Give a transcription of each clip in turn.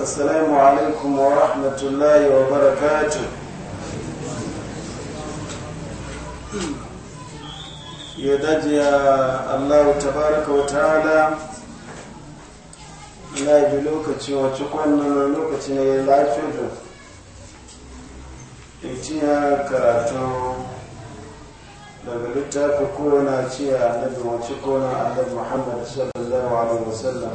السلام عليكم ورحمة الله وبركاته يدج الله تبارك وتعالى لا يدلوك تشوى تشوكوانا نلوك تشوى لا تشوكو اتيا كراتو daga littafi kowane ciya annabi wacce kowane annabi muhammad sallallahu alaihi wasallam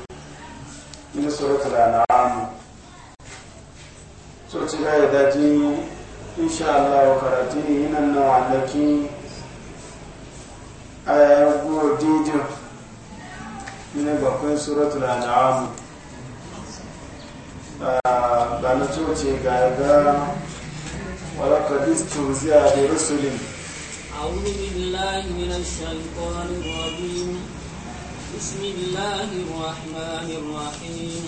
nínú suratul an'am so ci ga idaji insha Allah karatu yin nan wallaki aya guwa didin ne bakwai suratul an'am ba na coci ga ga ولقد استهزئ برسل أعوذ بالله من الشيطان الرجيم بسم الله الرحمن الرحيم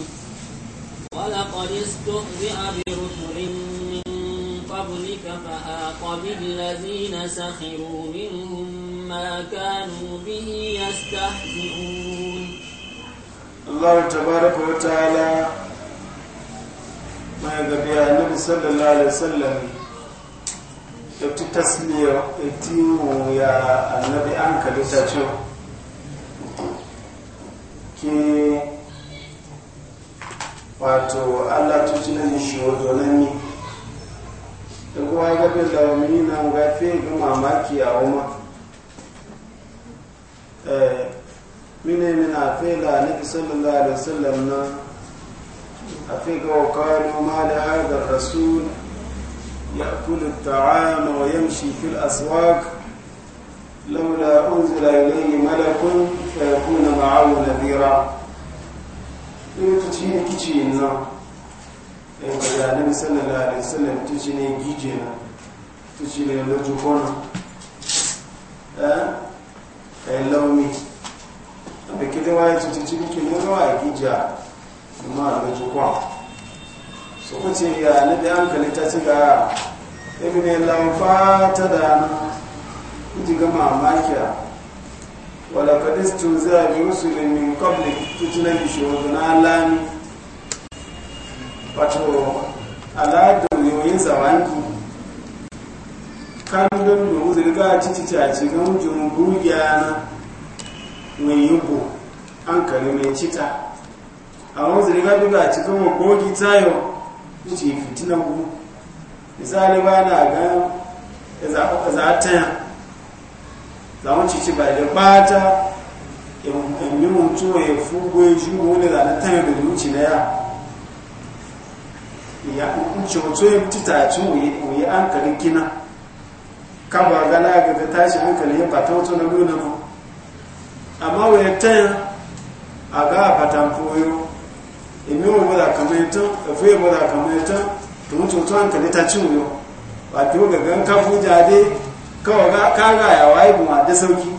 ولقد استهزئ برسل من قبلك فحاق بالذين سخروا منهم ما كانوا به يستهزئون الله تبارك وتعالى ما يقبل النبي صلى الله عليه وسلم ta tasmiya ta ya annabi an kalita cewa wato allah tutunan shi wato nan ne da kuma ya gafe da wani na gafe ga mamaki a wuma eh, mine mina fela na sallallahu alaihi wasallam na a fe ga wakalu ma da hadar rasul ya kula ta'ama wa yamshi fil aswaq laula unzila ilayhi malakun fa yakuna na nadira in ka ci ne kici yin zan ɗan eh, bayanin sallallahu alaihi wasallam ta ci ne gije na ta ci ne lajin kwanan ɗan a bai kida waye ta ci ne a gija so ya na da hankali ta ci ga ebe ne lamfa ta da na ku ji gama makiya ولقد استهزأ برسل من قبلك تتنا بشهودنا لام wato aladun yoyin zawanki kan don domin zirga cici caci gan jumhuriya na mai yugo an kari mai cita a wani zirga duka cikin wakogi tayo ce fitina ku misali ba na ga za zawon cici ba da bata yi mutu ya fugo ya shi wani da na tare da zuci na ya ya kuce wato ya mutu ta ci wuyi an kari kina kaba gana ga ta tashi hankali ya fata wato na nuna mu amma waya ta yi a ga fatan foyo emi wo bada to mutu wato hankali ta ci ba kafu jade kawai ga kaga ya waye bu ma da sauki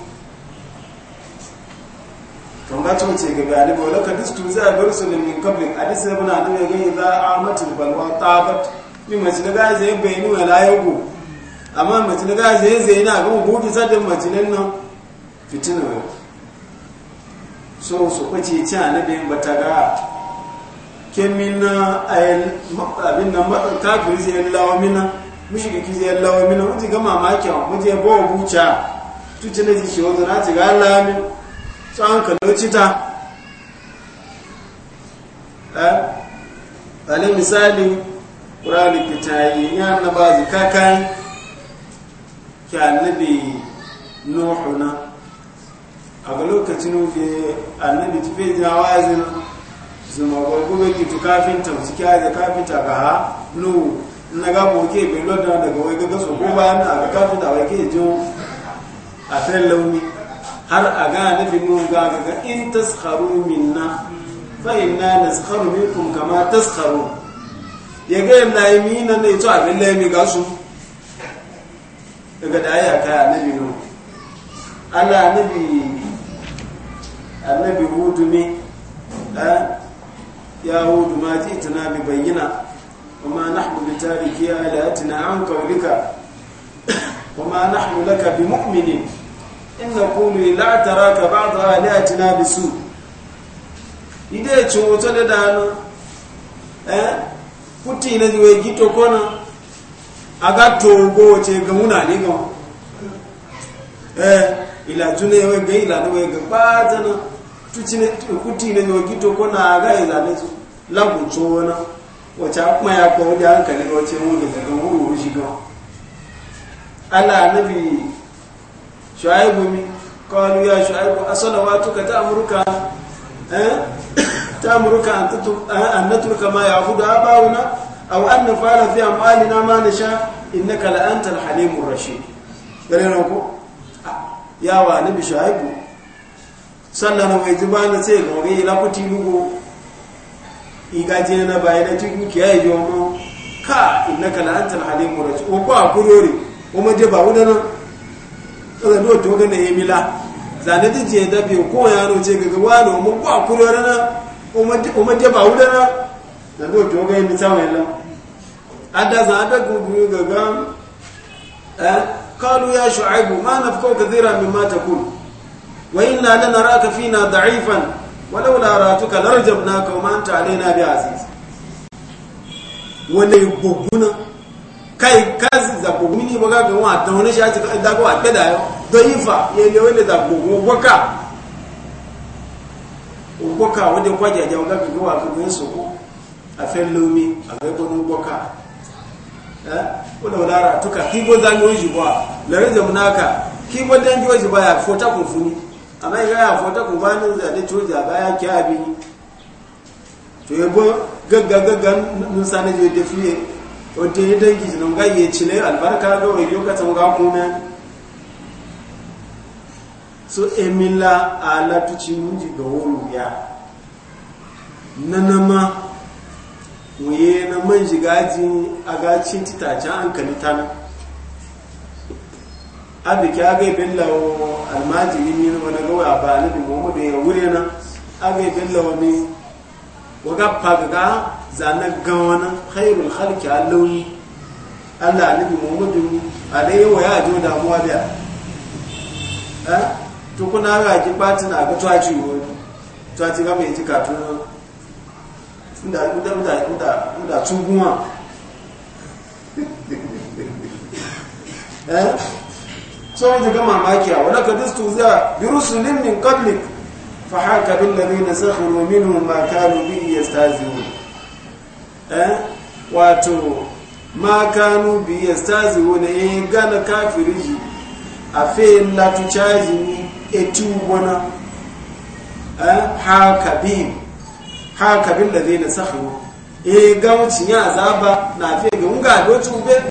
to ga to ce ga galibi wala ka distu za bar su ne min kablin hadisi ibn adam ya gani za a amatul balwa tabat min mace da ga zai bayani wala yago amma mace da ga zai zai na ga gobe sadin mace nan nan fitina so su kwace ci annabin bata ga kemin na mabbin nan kafiri zai lawa mina mushiriki zai lawa mina wuce ga mamaki wa ya bawa buca tuce na ji wato na ci ga Allah an tsawon kalauci ta ɗane misali ƙurari yi ya na ba zu kakan ki annabi nuhu na a ga lokacin da annabi fi jina wazin zuma gwagwagwagi tu kafin ta kya da kafin ta ga ha nuhu na ga mu ke bi da daga wai ga gaso ko bayan da aka kafu da wai ke jo a sai launi har a ga nafi mu ga ga in taskharu minna fa inna naskharu minkum kama taskharu ya ga na yi mina ne to abin da mi ga su daga da ya kai annabi no Allah annabi annabi hudu ne eh, ya hudu ma ji tana bi bayyana وما نحن بتاركي آلهتنا عن قولك وما نحن لك بمؤمنين إن نقول لا تراك بعض آلهتنا بسوء إذا تشوت لدانا eh kuti na jiwe gito kona aga togo ce ga muna ne eh ila tune we ga ila we ga patana tuci kuti ne jiwe gito kona aga ila ne lagu tsona wacce kuma ya kawo da hankali ga wacce wuri daga wuri wuri shiga ala nabi shu'aibu mi qalu ya shu'aibu sanawa tuka ta eh? amurka an amurka eh, an turka ma ya'budu abawuna aw fara fiye fi amalina ma nasha innaka la antal halimur rashid gare na ko ah, yawa nabi shu'aibu sallallahu alaihi wa na sai ga wani lafuti lugu igaje na bai na cikin kiyaye yomo ka o kwa kurori ma je ba wuda na da to zane je da ya no ce gaga wa kwa kurori na o ma je ba wuda da to gugu قالوا يا شعيب ما نفقه كثيرا مما تقول وإنا لنراك فينا ضعيفا ولو لا راتك ka وما انت علينا بعزيز aziz wanda goguna kai kazi za goguni ba ga ga wa ta wani shaji ka da ko akeda yo do ifa ye le wele za gogo wani boka wode kwa ja ja ga ga wa ko yeso ko afel lumi abe ko no boka eh walau laratuka kibo kibo ya fota amma ya gaya fata ku ba ni zane coja baya kya bi to ya bo gagga gagga nun sani je da fiye wadda ya dangi jinan gayye cile albarka da wani lokacin ga kuma so emila alatuci munji ga wuru ya nanama yi na man shiga ji a gacin titacen an kalita na abi ka ga billa wa almajiri min wani naga wa ba ni mu mu da wuri na abi billa wa ni wa ga ga zana ga khairul khalqi allawi Allah nabi Muhammadu alai wa ya da mu da eh to kuna ga ji patina ga to a wo to ci ga mai inda inda inda inda eh so wanda ga mamaki a wani kadistu za bi rusulin min qablik fa haka bil da sahur rominu ma kanu bi yastazihun eh wato ma kanu bi na in gana kafiri a fe latu chaji ni etu bona eh haka bin haka bil ladina sakhiru e eh, gauci ya zaba na fe ga unga do tube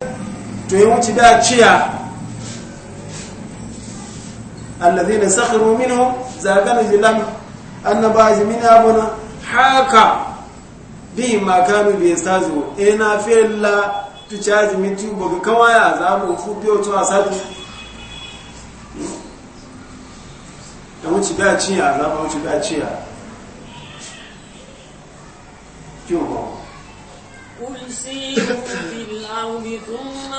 to yi eh, wuci da ciya alladhina sakhiru minhum zagana jilam annabaji min abuna haka bi ma kanu bi yastazu ina fella tu charge mi tu boga kawaya azabu fu biyo to asadu da wuce da ciya azabu wuce da ciya kiwo قل سيروا في الأرض ثم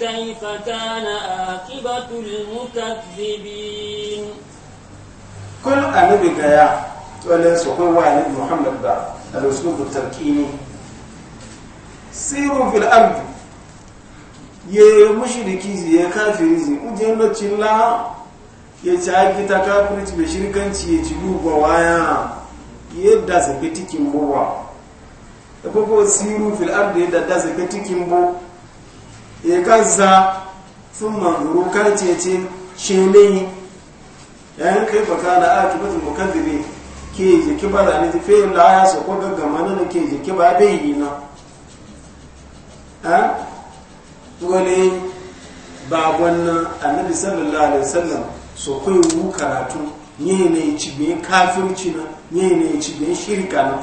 كيف كان عاقبة المكذبين كل أنبي يا ولا سقوا وعن محمد بعد الأسلوب التركيني سيروا في الأرض ye mushriki ya kafiri zi uje lokacin la ya ci aki ta kafirci mai shirkanci ya ci duba waya yadda sake tikin bowa da kuma siru fil ardi yadda sake tikin bowa ya gaza sun ce karcecin yi yayin kai baka na aki mutum mukaddibi ke je ba da ni fe la ya so ko gaggama nan ke yi ki ba bai yi na ha eh? wani babon a annabi sallallahu alaihi wasallam so kai wu karatu ne ne ci be kafirci na ne ne ci be shirka na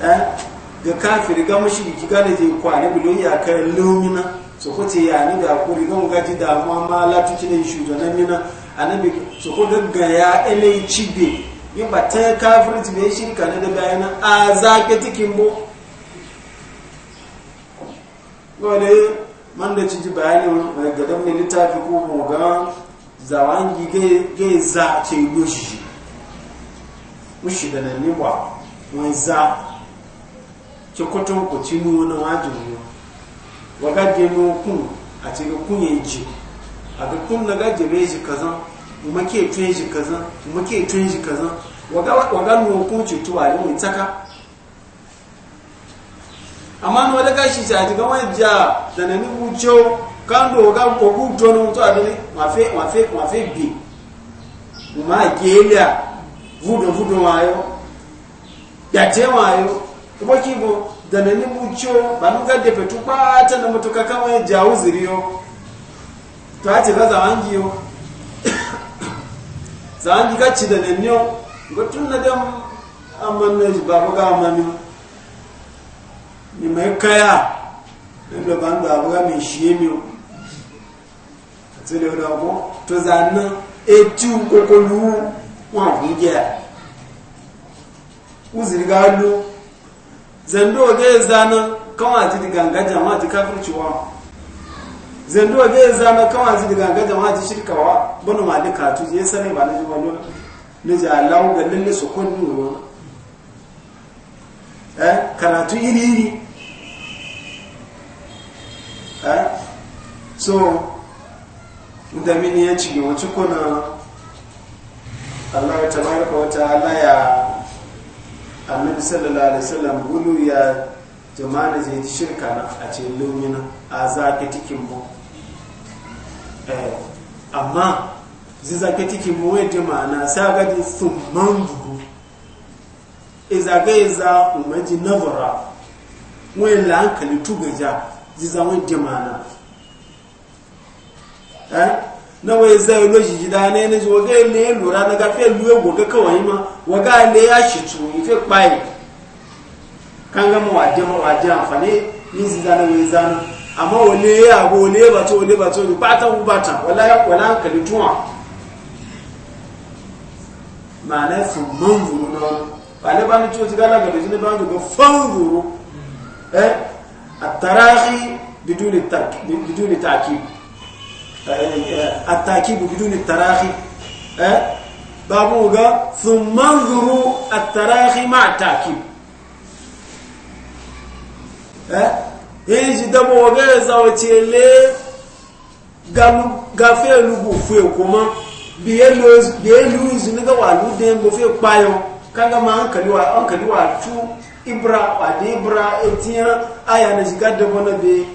eh? ga kafiri ga mashiriki ga da je kwani bilon ya kan lumina so ko ce ya ni da kuri ga gaji da ma ma la tuci ne shu da mina annabi so ko ga ya ele chibe yin ba ta kafiri ti ne shirka ne da bayan a zake tikin bo gole man da ci ji bayani ga dan ne litafi ko mu ga zawangi ga ga za ce yoshi mushi da nan ni ba mun za tsokoto kò tí mú wọn wọn adùn wọn wagagye mu kun àti kun yẹn jì àbí kun nagagye bẹ́ẹ̀ jì kazan umake ètò yẹn jì kazan umake ètò yẹn jì kazan waganu okun tutu àyè wọn ìtaka àmọ́ àwọn ọlẹ́ka ṣiṣẹ́ àti gan wọ́n jà dànà ní wújọ́ kándò ọ̀gá òkú dọ́nu tó àdúrí wọ́n fẹ́ bì wọ́n máa gé élé e kuma kibo da na ni mucho ba petukwata ga defe tu ba ta na mutuka kama ya jawo ziriyo to a ce ba za an giyo za an giga ci da na niyo ga tun na dam amma ga amma ni ni mai kaya inda ban da abu ga mai shiye mi a tsere da ko to za na etu kokolu wa hujja zando ga zana kawai ji daga ga jama'a ji kafirciwa zando ga zana kawai ji daga ga jama'a ji shirkawa bana malika tu je sane ba na ji wani na ji Allah ga lalle su kunni ruwa eh karatu iri iri eh so da mini ya ci gaba kuna Allah ya tabaraka wa ta'ala ya annabi sallallahu alaihi wasallam gulu ya jama'a je ta shirka na a ce lumina a zaka tikin mu eh, amma zai zaka tikin mu wai jama'a sa ga di summan bugu iza ga iza umaji nabara wai la hankali tugaja zai zama jama'a eh na wai zai loji jida ne na ji waga lura na gafe luwe goga kawai ma waga ile ya shi tu ife kpai kan gama waje ma waje amfani ni zida na wai zana amma wale ya ba to wale ba to ni bata ku bata wala wala hankali tuwa ma'ana sun manzuru na wani ba ne ba ni ciwo ti gala ga dajini ba ni eh a tarahi biduni takib التاكيد بدون التراخي babu ga sun manzuru a tarahi ma taki yin ji ya gafe lugu fe kuma biye luzu ni ga walu da yin gofe kpayo ma an hankali wa tu ibra wa da ibra etiyan aya na jiga dabo na be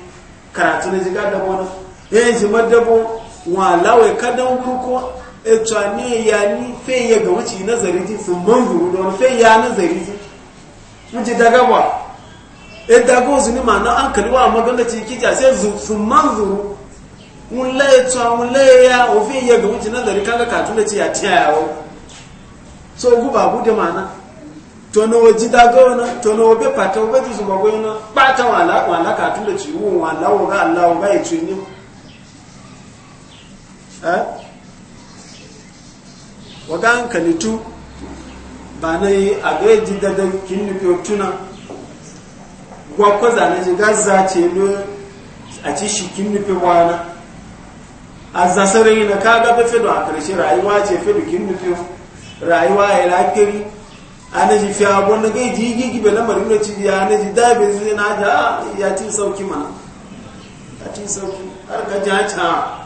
karatu na jiga yanzu madabo wa lawai kadan gurko eto ne ya ni fe ya ga wuce nazari ji sun manzuru fe ya nazari ji wuce daga ba e dago su ni an kalwa magana ce kija sai sun manzuru mun laye to mun laye ya o fe ya ga wuce nazari kaga ya so guba bude ma'ana tọ́nà ojí dágọ́ ọ̀nà tọ́nà ọgbẹ́ pàtàkì ọgbẹ́ tó sọ gbogbo ọ̀nà pátá wọn alákàtúndẹ̀ tí wọ́n Eh? wagan kalitu ba na yi a gaji kin kinni tuna gwakwaza na ji gaza ce ne a ci shi kinni wana a zasarai na kaga ba fido a karshe rayuwa ce kin kinni rayuwa ya lafiri a na ji fiya wanda gaji yi gigi bai lamarin da ci ya na ji dabe zai na ja ya ci sauki mana ya ci sauki har ka ja ca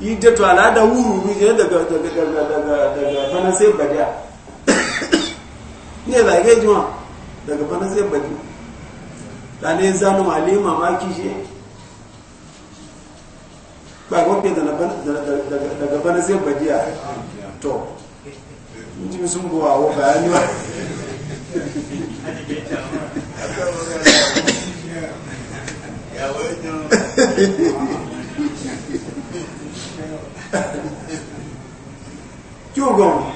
ita to al'ada wururu ne daga daga daga daga daga bana sai badiya ne zage jima daga fanasai sai badi ne zanu malima mamaki shi ba gobe da daga fanasai sai badiya to ji sun buwa wa bayani ba ya wajen gọ̀n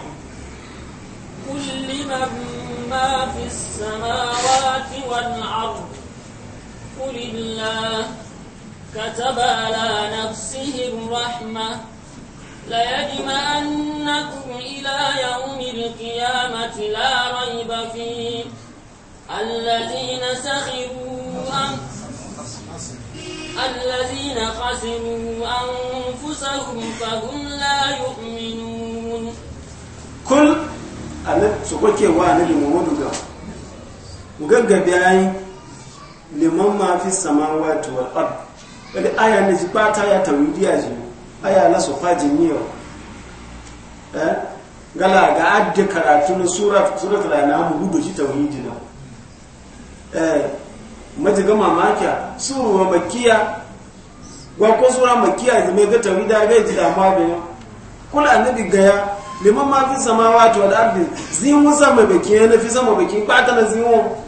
aya na ji pata ya tawidiya ji aya na sofa jiniyo eh gala ga adda karatu na sura sura ta na mu gudu ji tawhidi na eh maji ga mamakiya sura makiya wa ko sura makiya ji mai ga tawhida ga ji da ma ga kula annabi liman ma fi samawati wal ardi zimu sama baki na fi sama baki pata na zimu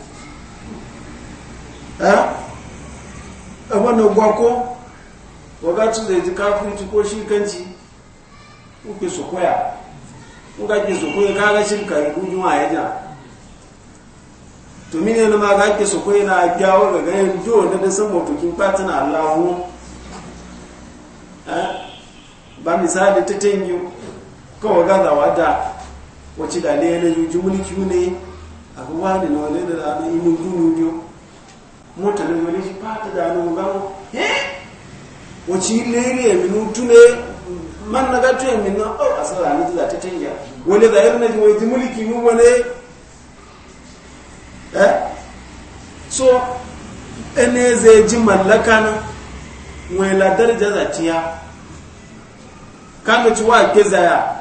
eh, eh wagacin da ya ji ko shi kanci uke su koya uka ke su koya kaga shirka yi kujin wa ya ja to mine na ma ga ke su koya na gyawo ga ganin jo da da san motokin fatin allahu eh? ba misali ta tangi kawai gaza wada wacce da ne na yuji mulki ne a ruwa ne na wani da ranar imin gunu biyu motar da wani shi fata da hannun gano eh wace lere ya minu ne, man oh, na gatu ya minu au a tsara ni za ta canja wani da yarna ji wai mulki mu wani eh so ene zai ji mallaka na wai la daraja za tiya kan ci wa ke zaya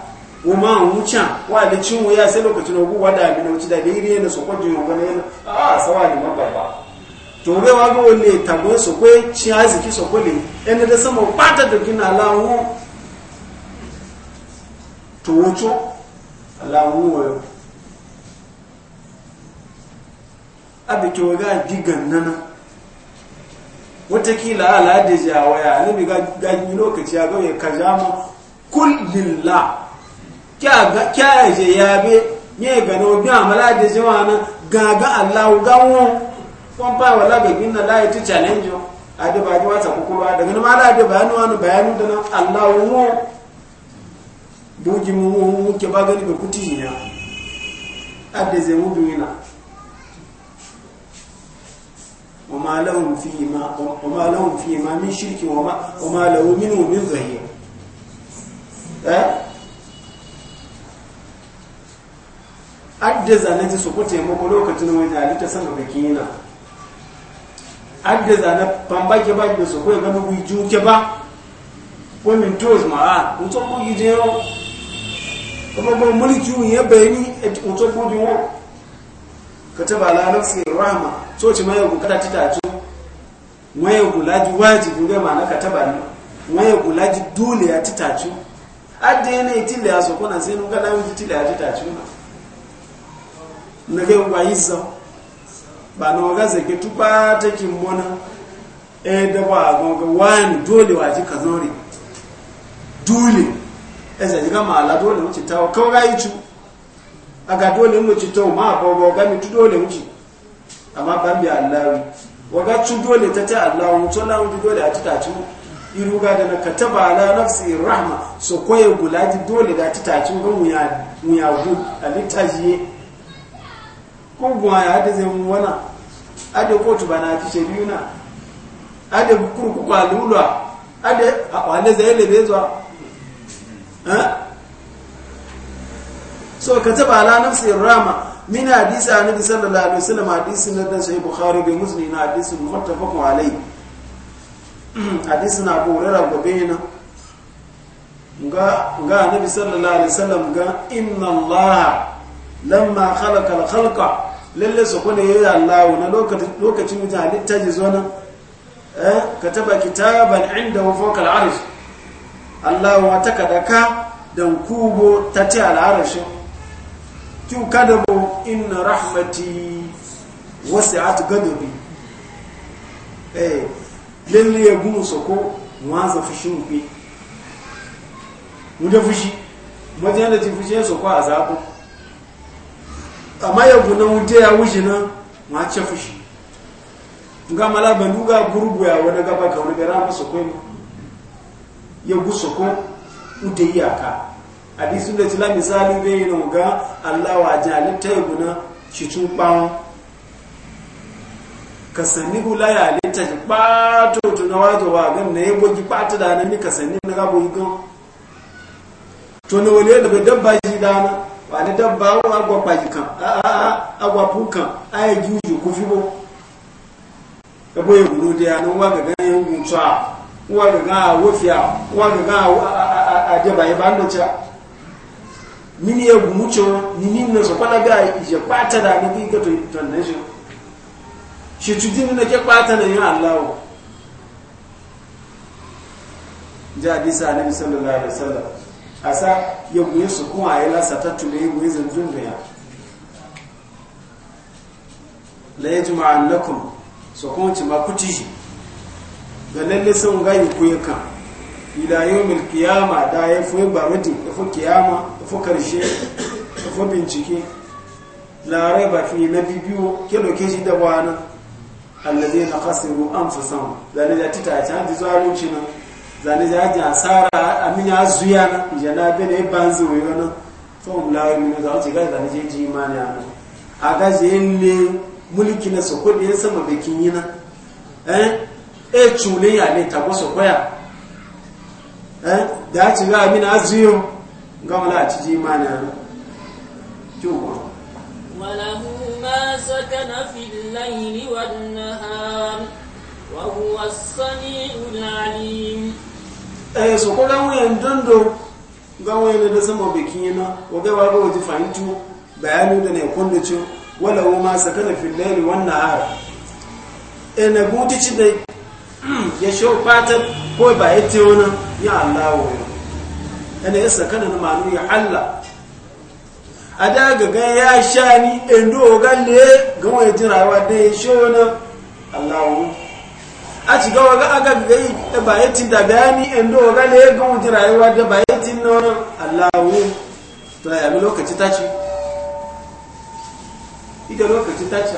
wo ma wuce wa da cin wuya sai lokacin ogu wada abin da wuce da bai riye da sokon jiyo gane a ah, sawa ne mababa tòwé wa gbé wọlé tàbí sọ̀kọ́ tí a zìkí sọ̀kọ́ lè ẹni dẹ́ sọ́mọ̀ pátá dòkí ní aláwọ̀ tòwó tó aláwọ̀ wọ̀yọ̀ ga dìgàn nana watakila aládèjì àwọ̀yà níbi ga lokaci a gauye ka ja mu kul lilla kya gano bi amala da jiwa allahu gawon kwan ba wala ga gina la ya challenge a da ba ji wata kukuru daga nan ala da bayanu wani bayanu da nan Allah wo buji mu ke ba gani da kuti ya adda zai mu duwina وما لهم فيما وما لهم فيما من شرك وما وما له منه من ظهير eh adda zanaji su ku taimako lokacin wajen halitta sama bakin adda zana pamba ke ba da so ko ga mu ju ke ba ko min toz ma a ah, o to ko gije yo ko ba mu li ju ye be ni o to ko di wo kataba la nafsi rama so ci mai ku kada tita to mai ku laji wajibi ga ma na kataba ni mai ku laji dole ya tita to adda ne tilla so ko na sai nu ga ti le ya tita to na ga wa yizza ba na waga zake tuba ta kimbona eh da ba gonga wani dole waji ka zore dole e zaji ga mala dole mu ci tawo ko ga yitu aga dole mu ta tawo ma ba ba ga mi dole mu ci amma ban bi Allah waga tu dole ta ta Allah mu to la mu dole a tuta tu iruga da na taba ala nafsi rahma so koye gulaji dole da tuta tu mu ya mu ya gu alitaji kungwa ya hada zai wana ade kotu bana ci shebiyuna ade kurku kwa lulwa ade kwane zai lebe zuwa eh? so ka taba ala nafsi rama min hadisi a annabi sallallahu alaihi wasallam hadisi na dan sai bukhari bai musulmi na hadisi muttafaqun alai hadisi na abu hurairah gobe na ga ga annabi sallallahu alaihi wasallam ga inna allaha lamma khalaqa al-khalqa lalle su kone yi Allah na lokacin lokacin mutum halitta ji zo nan eh kataba kitaban inda fawqa al-arsh Allah wa takadaka dan kubo tati al-arsh ki kadabu inna rahmati wasi'at ghadabi eh lalle ya gumu soko wanza fushin fushi mu da fushi mu da fushi soko azabu amma yabu na wuje ya wuce nan ma ce fushi nga mala ban duga gurbu ya wani gaba ka wani gara masa kwai mu ya gu ko ude iyaka hadisu da tila misali bai yi na ga Allah wa ta ya guna cikin bawon ka sani hula ya halitta ji to na wato wa gan na ya bogi ɓata da na ni ka sani na gabo yi gan to na wale da bai dabba ji dana wà dabba dábà àwọn agbọ̀pàjì kan agbapú kan ayéjú ìjò kó fíbó ẹgbẹ́ ìwúrò dé a ní wọ́n gẹ̀gẹ́ ìwù tó a wọ́n gẹ̀gẹ́ àwòfì a wọ́n gẹ̀gẹ́ àjẹbàyẹ bá ń lọ́tí a nínú ewu múcho ní nínú sọpálágà ìjẹ pátádà ní bí gẹ́tò ìtọ̀nẹ́sọ na dín nínú jẹ́ pátádà yóò aláwọ̀ jẹ́ àdísà ànábì sallallahu alaihi wasallam asa yegu yesu kuma ta tule le yegu zanzun da ya la yajma annakum so kuma ci ma shi ga lalle sun ga yi kuye kan ila mil kiyama da ya fi barati ya fi kiyama ya fi karshe ya fi bincike la ba fi nabiyu kelo shi da wana alladhina khasiru anfusahum da ne da tita ta ji zalunci nan zane ja ji asara amin ya zuya na ijana bene banzi we gana to mulawi za ji ga zane je ji imani ana aga je ne mulki na so kodi yan sama bekin yina eh e chule ya ne ta goso koya eh da a ga amin azuyo ga mala ci ji imani ana وله ما سكن في الليل eh so ko gawo yan dondo gawo yan da sama biki yana wa ga wa waje fahimtu bayanu da ne kun da ce wala ma sakana fil layli wan nahar eh na da ya sho ko ba yace wannan ya Allah wa ana eh, ya sakana na ya Allah a da gaga ya sha ni endo galle gawo ya jirawa da ya na wannan a ci gawa ga aga gai da bayatin da bayani in do ga ne ga mutu rayuwa da bayatin nan Allahu to ya bi lokaci ta ci ita lokaci ta ci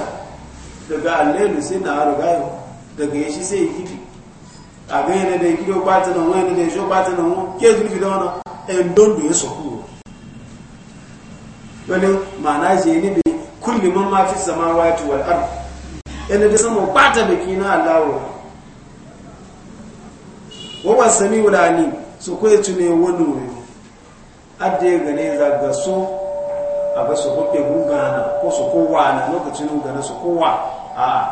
daga allelu sai na aro gayo daga yashi sai yi kifi a ga yana da gido bata nan wani da yashi bata nan wani ke zurfi da wani in don da ya soku wani ma'ana je ne bai kulli man ma fi samawati wal ard yana da sama bata da kina Allahu wawan sami wulani su kwaye tune wani wuri adda ya gane zaga so a ga su kwafe gugana ko su kowa na lokacin gana su kowa a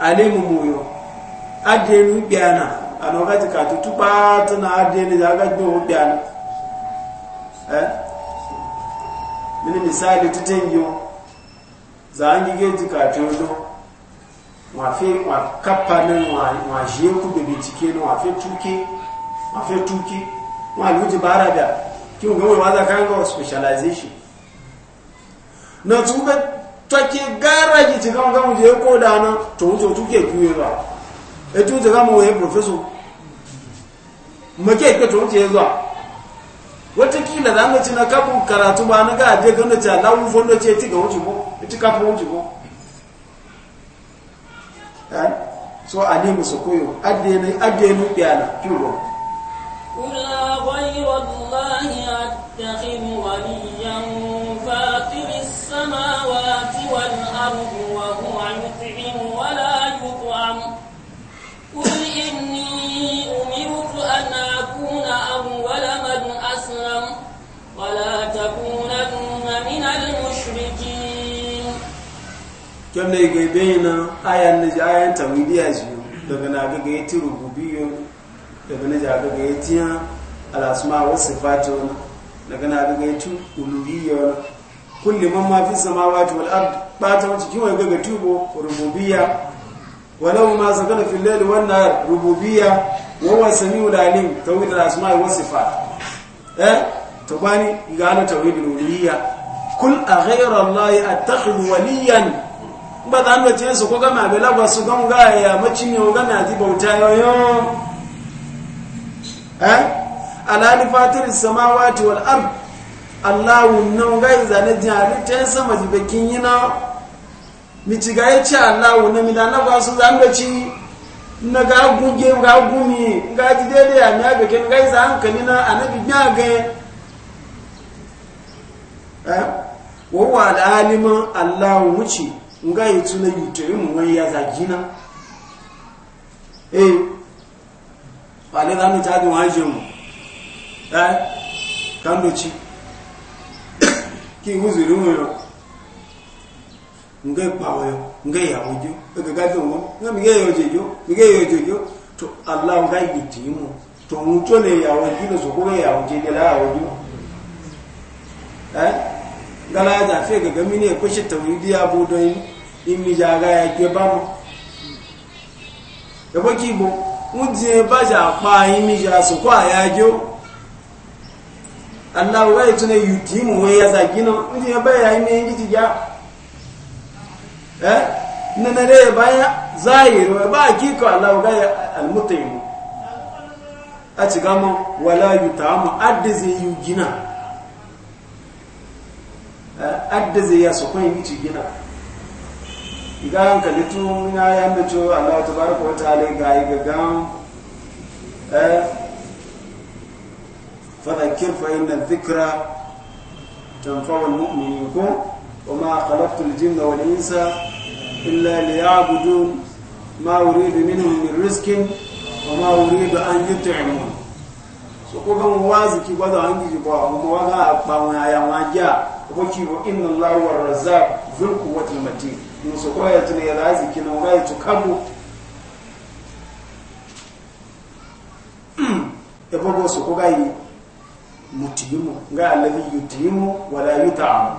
alimu moyo adda ya nubi ana a lokacin katu tuba tana adda ya zaga gbe wubi ana eh mini misali tutengiyo za an gige jikatu yau wafe kapa nan waje ku da bincike na wafe tuki wafe tuki waluji bara da kin ga wai waza kan ga specialization na tuba take gara ji ti kan ga mu je ko da na to to tuke kuye ba e tu ga mu wai professor make ke to je zuwa wata kila za mu ci na kafin karatu ba na ga je ganda ta lawu fondo ce ti ga wuce ko ti kafin wuce ko eh so ani musukuyo adeni adeni piana kyugo قل kyan da igai yi nan ayan na ji ayan tamidiya ji daga na gaga ya ti rububiyo daga na ji gaga ya ti yan alasuma wasu fata wani daga na gaga ya ti ulubiyo wani kulle man ma fi sama wata wal ard bata kiwon ya gaga tubo rububiya walau ma zakana fil layl wan nahar rububiya wa huwa samiul alim tawhid alasma wa sifat eh to bani igalo tawhid uluhiyya kul a ghayra allahi attakhidhu waliyan ba ta hannu ce su ko gama bai lagwa su gan ga ya maci eh? ne o gana ji bauta yoyo eh alani fatir wati wal ar Allah nan gai zane jari ta sama jibakin yi na ci ga ya ce Allah na mi da lagwa su za mu ci na ga guge ga gumi ga ji daidai a miya ga gai za hankali na anabi biya ga eh wa wa alima Allah wuce nga yi tuna yi to mu wani ya zagi na eh ba ne za mu ta da waje mu eh kan doci ki huzuri mu yo nga pa yo nga ya wujo ga ga to mu nga mi ga yo je yo mi ga yo je yo to allah nga yi ti mu to mu to ne ya wujo da so ko ya wujo da la wujo eh gala ya zafe ga gami ne kushe tawidi abu don yi imi jaga ya ke ba mu da baki bo unje ba ja pa imi ja su ko ya jo Allah wai tuna yutimu wai ya zagina unje ba ya imi ngi ti ja eh nana re e ba ya zahir e wa e ba hakika Allah ga almutim a ci gama wala yutamu addizi yugina eh? addizi ya su kwa imi ci gina ka hankali tun ya da co Allah ta baraka wata halin ga yi gaggan eh, fadakir fa'in na zikira tamfawar mu'mini ko kuma khalaftul jinna wal insa illa liya'budun ma uridu minhum min rizqin wa ma uridu an yut'imun so ko gan wazi ki gwada an giji ba amma waga a kpawon ya ya wajiya ko ki wa inna Allahu war razzaq dhul quwwatil matin musu kwaya tuni ya razi kina wai tu ya e bogo su ko gai mutimu ga alladhi yutimu wala yut'am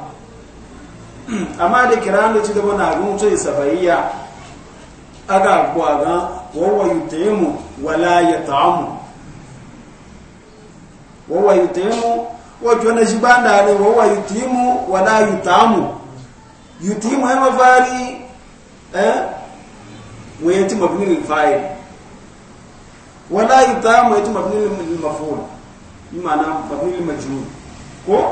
amma da kiran da ci gaba na gun to isabaiya aga kuwa ga wawa yutimu wala yut'am wawa yutimu wajo na jibanda ne wawa yutimu wala yut'am yuti muhammad fari eh wayati mabni lil fa'il wala yutam wayati mabni lil maf'ul imana mabni lil majrur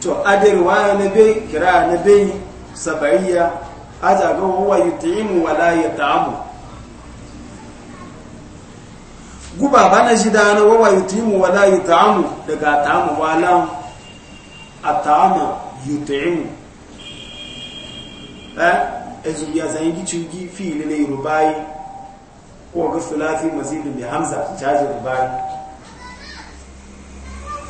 to ade riwaya na bai kira na bai sabaiya aza ga huwa yutimu wala yatamu guba bana jida na huwa yutimu wala daga tamu atama yutimu Eh? ya zanyi gici gi fi'ili ne rubai ko ga sulasi mazidin bi hamza ta caji rubai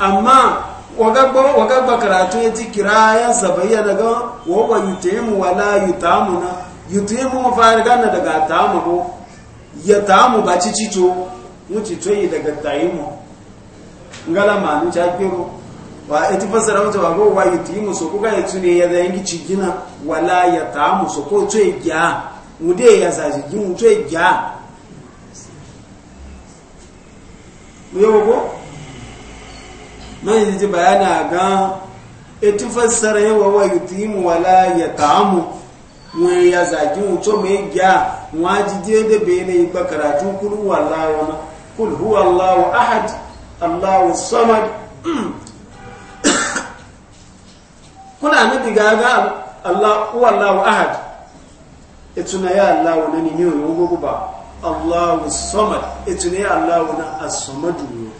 amma wagagba karatu ya ci kirayen sabayya daga wawa yutemu wala yutamu na yutemu mafari gana daga tamu ko ya tamu ba ci cito wuce toyi daga tayimu ngala manu ta kiro wa ita fassara mata ba gowa yi ti musu kuka ya tune ya zai yanki cigina wala ya ta musu ko to ya gya mude ya sa jigi mu to ya gya mu yau ko man ji bayana ga ita fassara yawa wa yi ti mu wala ya ta mu mu ya zagi mu to mai gya wa ji daidai bayanai ba karatun kulu wallahu na kul huwa allahu ahad allahu samad kuna miti ga Allah wallahu ahad ituna ya Allah na ni yo gogo ba Allahu samad ituna ya Allah na as-samadu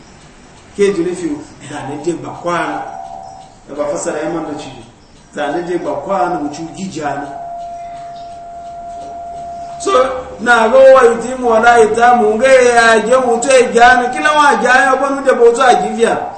ke jini fi da ne je ba kwana da ba fasara yamma da ci da ne je ba kwana mu ci gijana so na go wa yitimu wala yitamu ngai ya je mu ya gani kila wa ja ya ba mu da boto a gifiya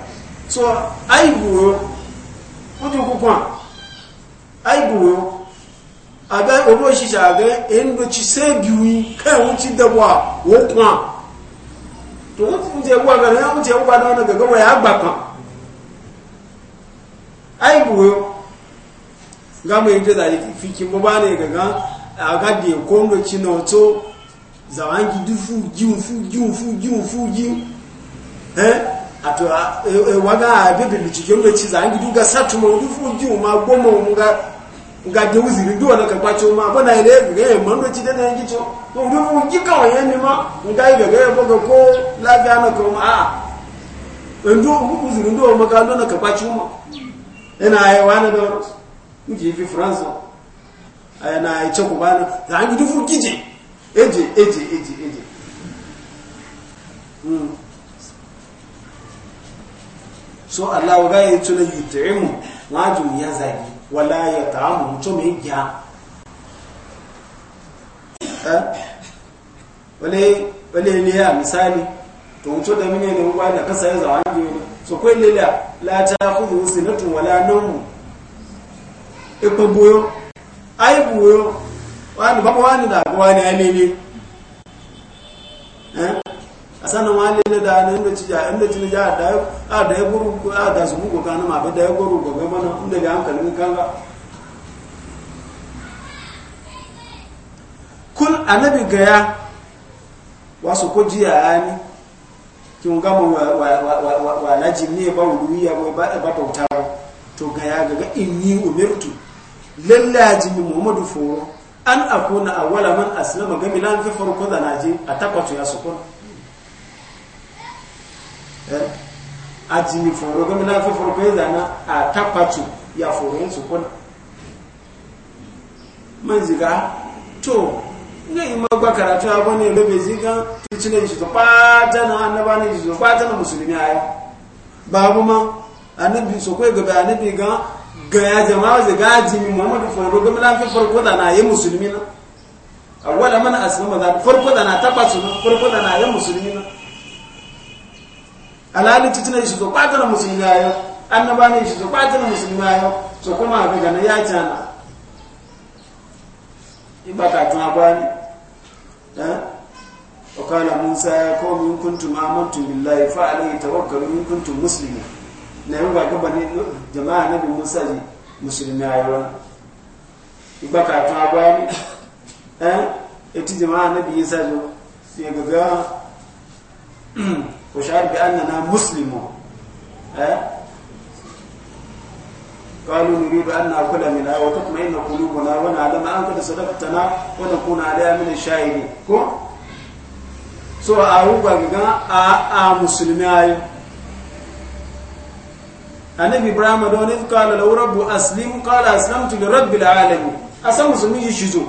so aibuwo ojú kúkwà aibuwo abẹ́ orú òṣìṣẹ́ àgẹ́ èyí ló ti sẹ́ẹ̀gì wí kẹ́hùn ti dẹ̀wà wọ́n kùn à tó ń tẹ wọ́n gẹ̀rẹ́ ń tẹ na náà gẹ̀gẹ́ wọ́n kan aibuwo gama yin da fikin ba ne gaga agadi ko ń lọ ci náà tó zàwọn gidi fú jíun fú jíun fu jíun fú jíun ẹ́ ato e, e, waga abibi luchijo ndo duga satu mo juma gomo nga nga jeuzi ndo na kakwa chuma bona ile ge mando chide na ngicho ngo ngika wa yemi ma nga ile ge boga ko la gana ko ma a e, ndo nguzi ndo ma na kakwa ma ina ai wana do ngi fi france ai na ai choko bana za angi kije eje eje eje eje mm so Allah ga yi tuna yut'imu wajin ya zagi wala ya ta'amu mutum ya gya eh? wale wale ne ya misali to mutum da mine da mubai da kasa ya zawa ne so kai lila la ta khudhu sinatu wala nawm ipo boyo ai buyo wani baba wani da wani ya ne sanin wani na da nan da cija inda cija ja da a da ya guru a da su ko kana ma da ya guru gobe mana inda ga hankalin kanga Kun anabi gaya wasu ko jiya yani kin gama wa wa wa laji ne ba ruwiya ba ba bauta to gaya gaga inni umirtu lallaji muhammadu foro an akuna awwala man aslama gamilan fi farko da naji a takwatu ya sukuna Eh? a jini foro gami na fi foro kai zana a takwacu ya foro yin su kuna man ziga to nga yi magba karatu ya gwani ya lobe ziga tuci na jisu pata na annaba na jisu pata na musulmi ayo babu ma ani bi so kai gaba annabi ga ga ya jama'a ziga jini muhammadu foro gami na fi foro zana ya musulmi na awwala man aslama zan farko da na takwacu na farko da na ya musulmi na alhalin titina shi so kwatar musulmi ayo annaba ne shi so kwatar musulmi ayo so kuma haka gana ya cana in ba ka tuna kwani wakala musa ya komi min kuntu amantum billahi fa alayhi tawakkalu in kuntu musulmi na yi ba gaba ne jama'a nabi musa ji musulmi yayo igba ka tuna ne eh eti jama'a nabi isa ji ya gaga وشعر بأننا مسلمون أه؟ قالوا نريد أن نأكل منها وتطمئن قلوبنا ونعلم أن صدقتنا ونكون عليها من الشاهدين كو so a ruba ga a a musulmi ayo annabi ibrahim da wani kala lau rabbu aslim kala aslamtu li rabbil alamin asan musulmi ji shizo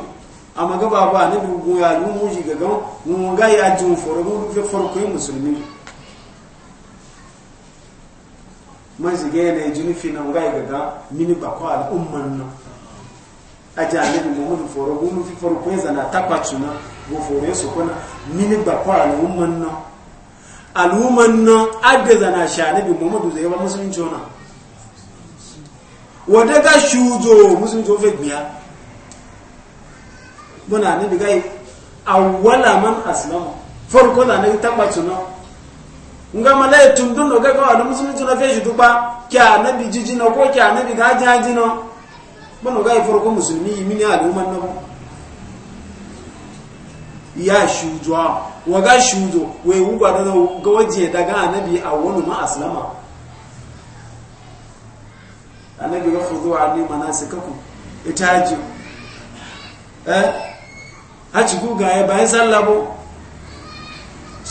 amma gaba ba annabi goya lu muji ga ga farko musulmi man shige na jini fi nan gai gaga mini ba ko al'umman nan a ji annabi muhammadu foro gumu fi foro kun zana takwatu na go foro su kuna mini ba ko al'umman nan al'umman nan adda zana sha annabi muhammadu zai ba musulunci ona wadda ga shujo musulunci ofe biya muna annabi gai awwala man aslama farko zana takwatu na nga mala ya tundun da gaga wa musulunci na feshi duba kya bi jiji no ko kya nabi gaji haji na bano ga farko musulmi yi mini al'umman na ya shujo wa ga shujo wai wuba da ga waje daga na a wani ma aslama annabi ga fudu ali manasikakum itaji eh haji guga ya eh, bayan sallabo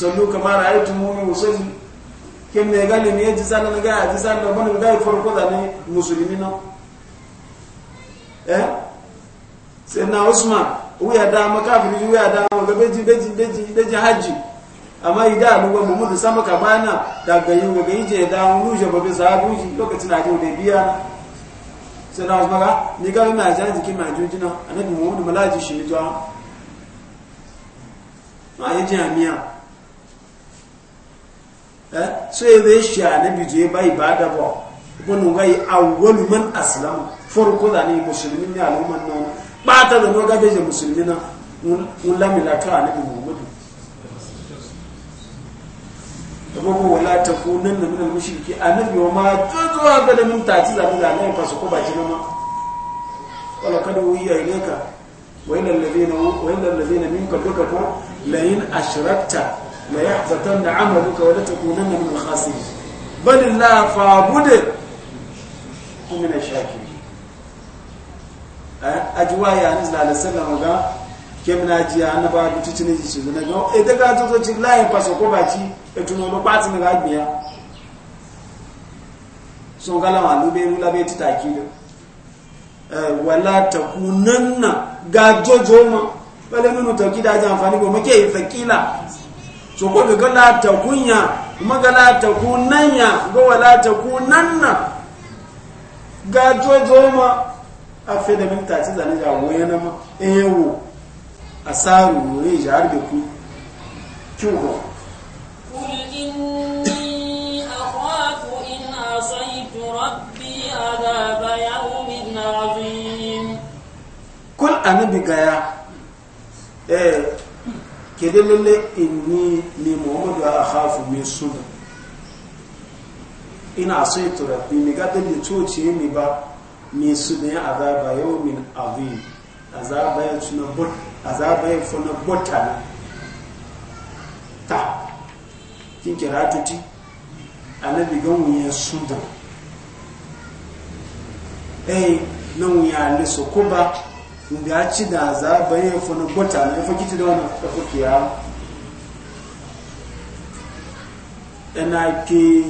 sallu kama ra'aytu mu'min usalli kin ne gali ne ji sallan ga ji sallan ban ga farko da ne musulmi no eh sai na usman uya da makafiri uya da magabe ji beji beji beji haji amma idan aluwa mu da sama ka bana daga yi daga yi je da nuje babe sahabu ji lokacin da je biya sai na usman ga ni ga ma ja jiki ma jujina annabi muhammadu malaji shi jo ma yi jami'a Eh? so ya zai shi annabi je bai ba da ba wani gai awwalu man aslam farko da ne musulmi ne al'umman nan ba ta da no gaje da musulmi na mun lamila ka annabi muhammadu kuma ko wala ta kunan da minal mushriki annabi wa ma tuzuwa ga da mun taci zabi da nan fa su ko baki na ma wala kad wiya ilayka wa ila alladhina wa ila alladhina minka duka ko layin in ashrakta la yahbatanna amaluka wa la takunanna min al-khasirin bal la eh, ya annabi da alaihi wasallam ga kemna ji annaba dutu cin ji cin na ga e daga to to ci lai pa so ko ba ci e eh, tuno lo pa tin ga gbiya so gala ma lu be la be ti ta ki wala ga jojo ma bale ki so ko ga gala ta kunya kuma gala ta kunanya ga wala ta kunanna ga jojo ma a fe da min ci zane ga goye na ma a saru ne ji har da ku kyugo kul inni akhafu in asaytu rabbi adaba yawmin azim kul anabi gaya eh kede lele inni ni muhammadu a hafu min suna ina so ito rabbi mi ga dalli ce mi ba mi su ne azaba yau min azim azaba ya suna bot azaba ya fona bota ta kin kira tuti annabi gan wuya suna eh nan wuya ne so ko ba mbe a na da azaba ya fana kwata na ya na da wani ɗafakiya yana ke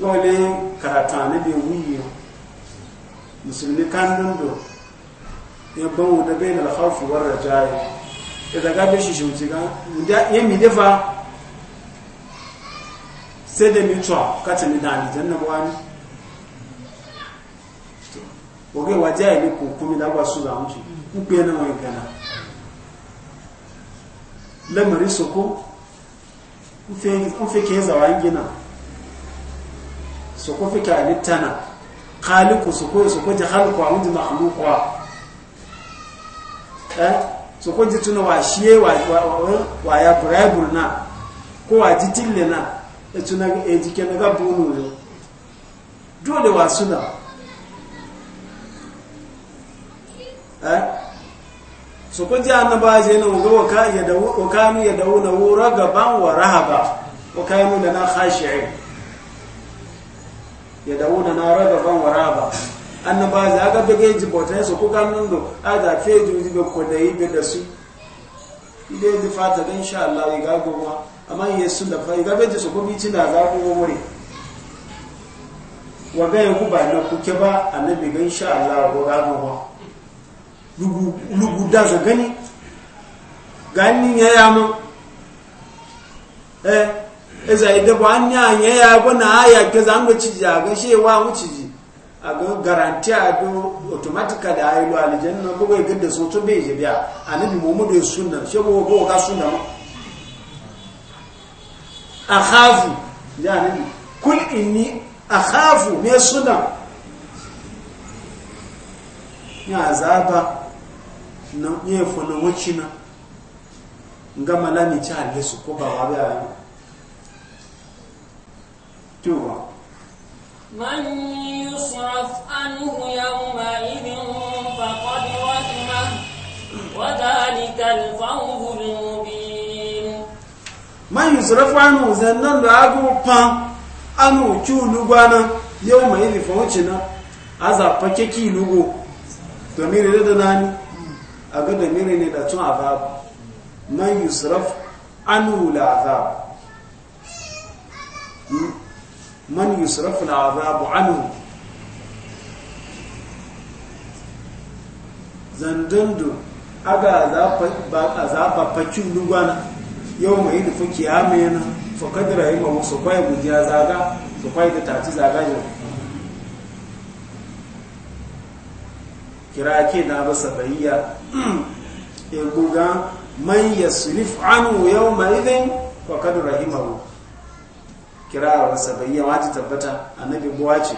wale karata na bai wuyi musulmi kan dundo ya bawo da bai na alhaufi warra jaye ya daga bai shi shimci ga ya mi dafa sai da mutuwa kata ni da alijan na wani oge waje ile ko kumi da gwa su da mutu kupe na mai gana lamarin ku nfe ke zawa gina soko fi ka alittana khaliku soko soko ji khaliku a wujin makhlukuwa eh soko ji tuna wa shiye wa wa ya bribe na ko wa ji tille na e tuna e ji ke na ga bunu dole wa suna Eh? su kun ji annaba je nan ga waka ya dawo na wura gaban wa rahaba waka da na khashi'i ya dawo da na ragaban wa rahaba annaba za ga bege ji botan su kuka nan do a da feji ji ga ko ga yi da su ile ji fata don sha Allah gagowa goma amma yesu da fa ga beji su ko bi ci da za ku wuri wa ga ya ku ba na kuke ba annabi ga sha Allah ga goma lugu dazo gani gani ya yamu eh eza ida bo anya anya ya bo na aya ke zango chiji aga she wa mu chiji aga garanti ado automatica da ayi lo aljanna bo ga da so to beje biya annabi muhammadu ya sunna she bo go ga sunna ma akhafu ya nabi kul inni akhafu me sunna ya azaba na nye fo na wachi na nga malami cha ale su ko ba wa ba ya tuwa man yusraf anhu yawma idhin faqad wahima wa dhalika al-fawzul mubin man yusraf anhu zannan da agu pa anu chulu gwana yawma idhin fa wachi na aza fakeki lugo to mi da nani a ga mini ne da tun azab man yusraf anhu la azab man yusraf la azab anhu zandundu aga azaba fakin lugwana yau mai da fuki mai fa fakadira yi ma musu guji a zaga su kwaye da ci zaga yau kira ke na ba sabayya e guga man yasrif anu yawma wa kad rahimahu kira wa sabayya wata tabbata annabi buwa ce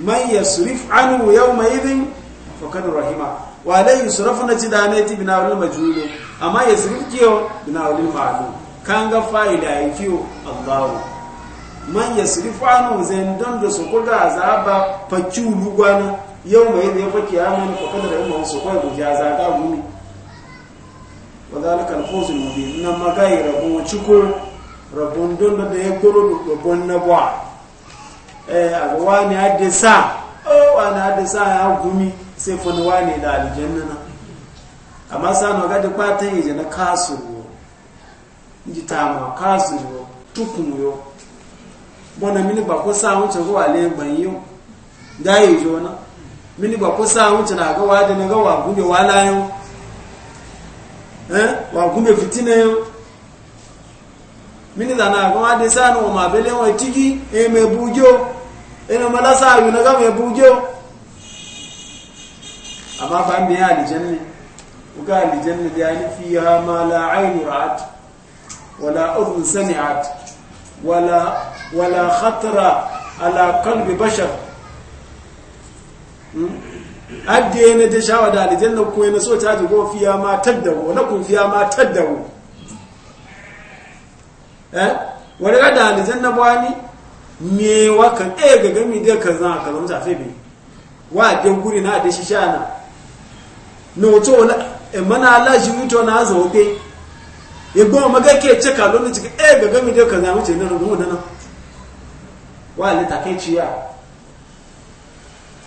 man yasrif anu yawma idhin kad rahima wa la yusrafu na tidanati bina wal majhul amma yasrif kiyo bina wal ma'lum kanga fa'ida yakiyo Allahu man yasrif anu zan don da su kuga azaba fa kiyu gwana yau mai yadda ya fake ya mani fakadar yin masu kawai guji a zaga gumi wa zalika alfozul mubin nan magayi rabon ciko rabon don da ya koro rabon na ba eh, a ga wani hadin sa o oh, wani hadin sa ya gumi sai fa wani da aljanna na amma sa na ga da kwatan yaje na kasu yo inji ta ma kasu yo tukun yo bona mini ba ko sa wuce ko ale ban yo dai yi na mini ba kusa wuce na ga wada na ga wagume walayo eh wagume fitina yo mini da na ga wada sana wa mabele wa tigi e me bujo ina e mala sa yu na ga me bujo amma fa mbi ya aljanna uga aljanna da yani fiha ma la ayn ra'at wala udhun sami'at wala wala khatra ala kalbi bashar adde na ta shawa da na ko yana so ta jigo fiya ma taddawo wani kun fiya ma taddawo eh? wani ga da na ba ni me wa kan ɗaya ga gami da kaza zama mutafe bi wa adde guri na da na na to la mana alashi mutu na aza ya igbo maga ke ce kalonu cikin e gaga gami dai ka zama ce na rungu da wa alita kai ciya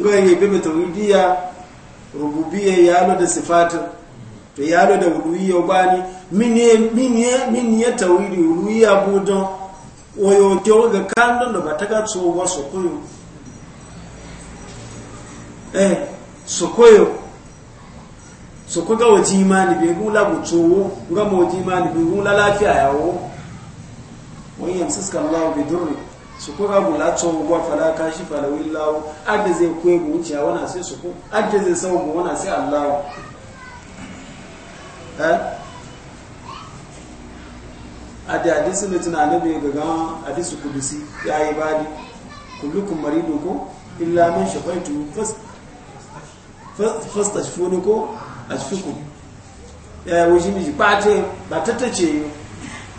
Ngoye yi bebe tauhidiyya rububiyya ya da to ya da uluhiyya bani miniye miniye miniye tauhidi uluhiyya budon oyo ke ga kandon da bata ga tsowa su koyo eh su koyo su imani bai gula bu tsowo ga imani gula lafiya yawo Allah bi durri su kuka gula tsohon gwa falaka shi falawin lawo adda zai kuwa bu wuciya wana sai su ku adda zai sau bu wana sai allawo eh? a da hadisun da tunanin bai gaga hadisu kudusi ya yi bani kullukun marido ko illa min shafaitu fasta shifoni ko a shifiku ya yi wuce miji ba ta tattace yi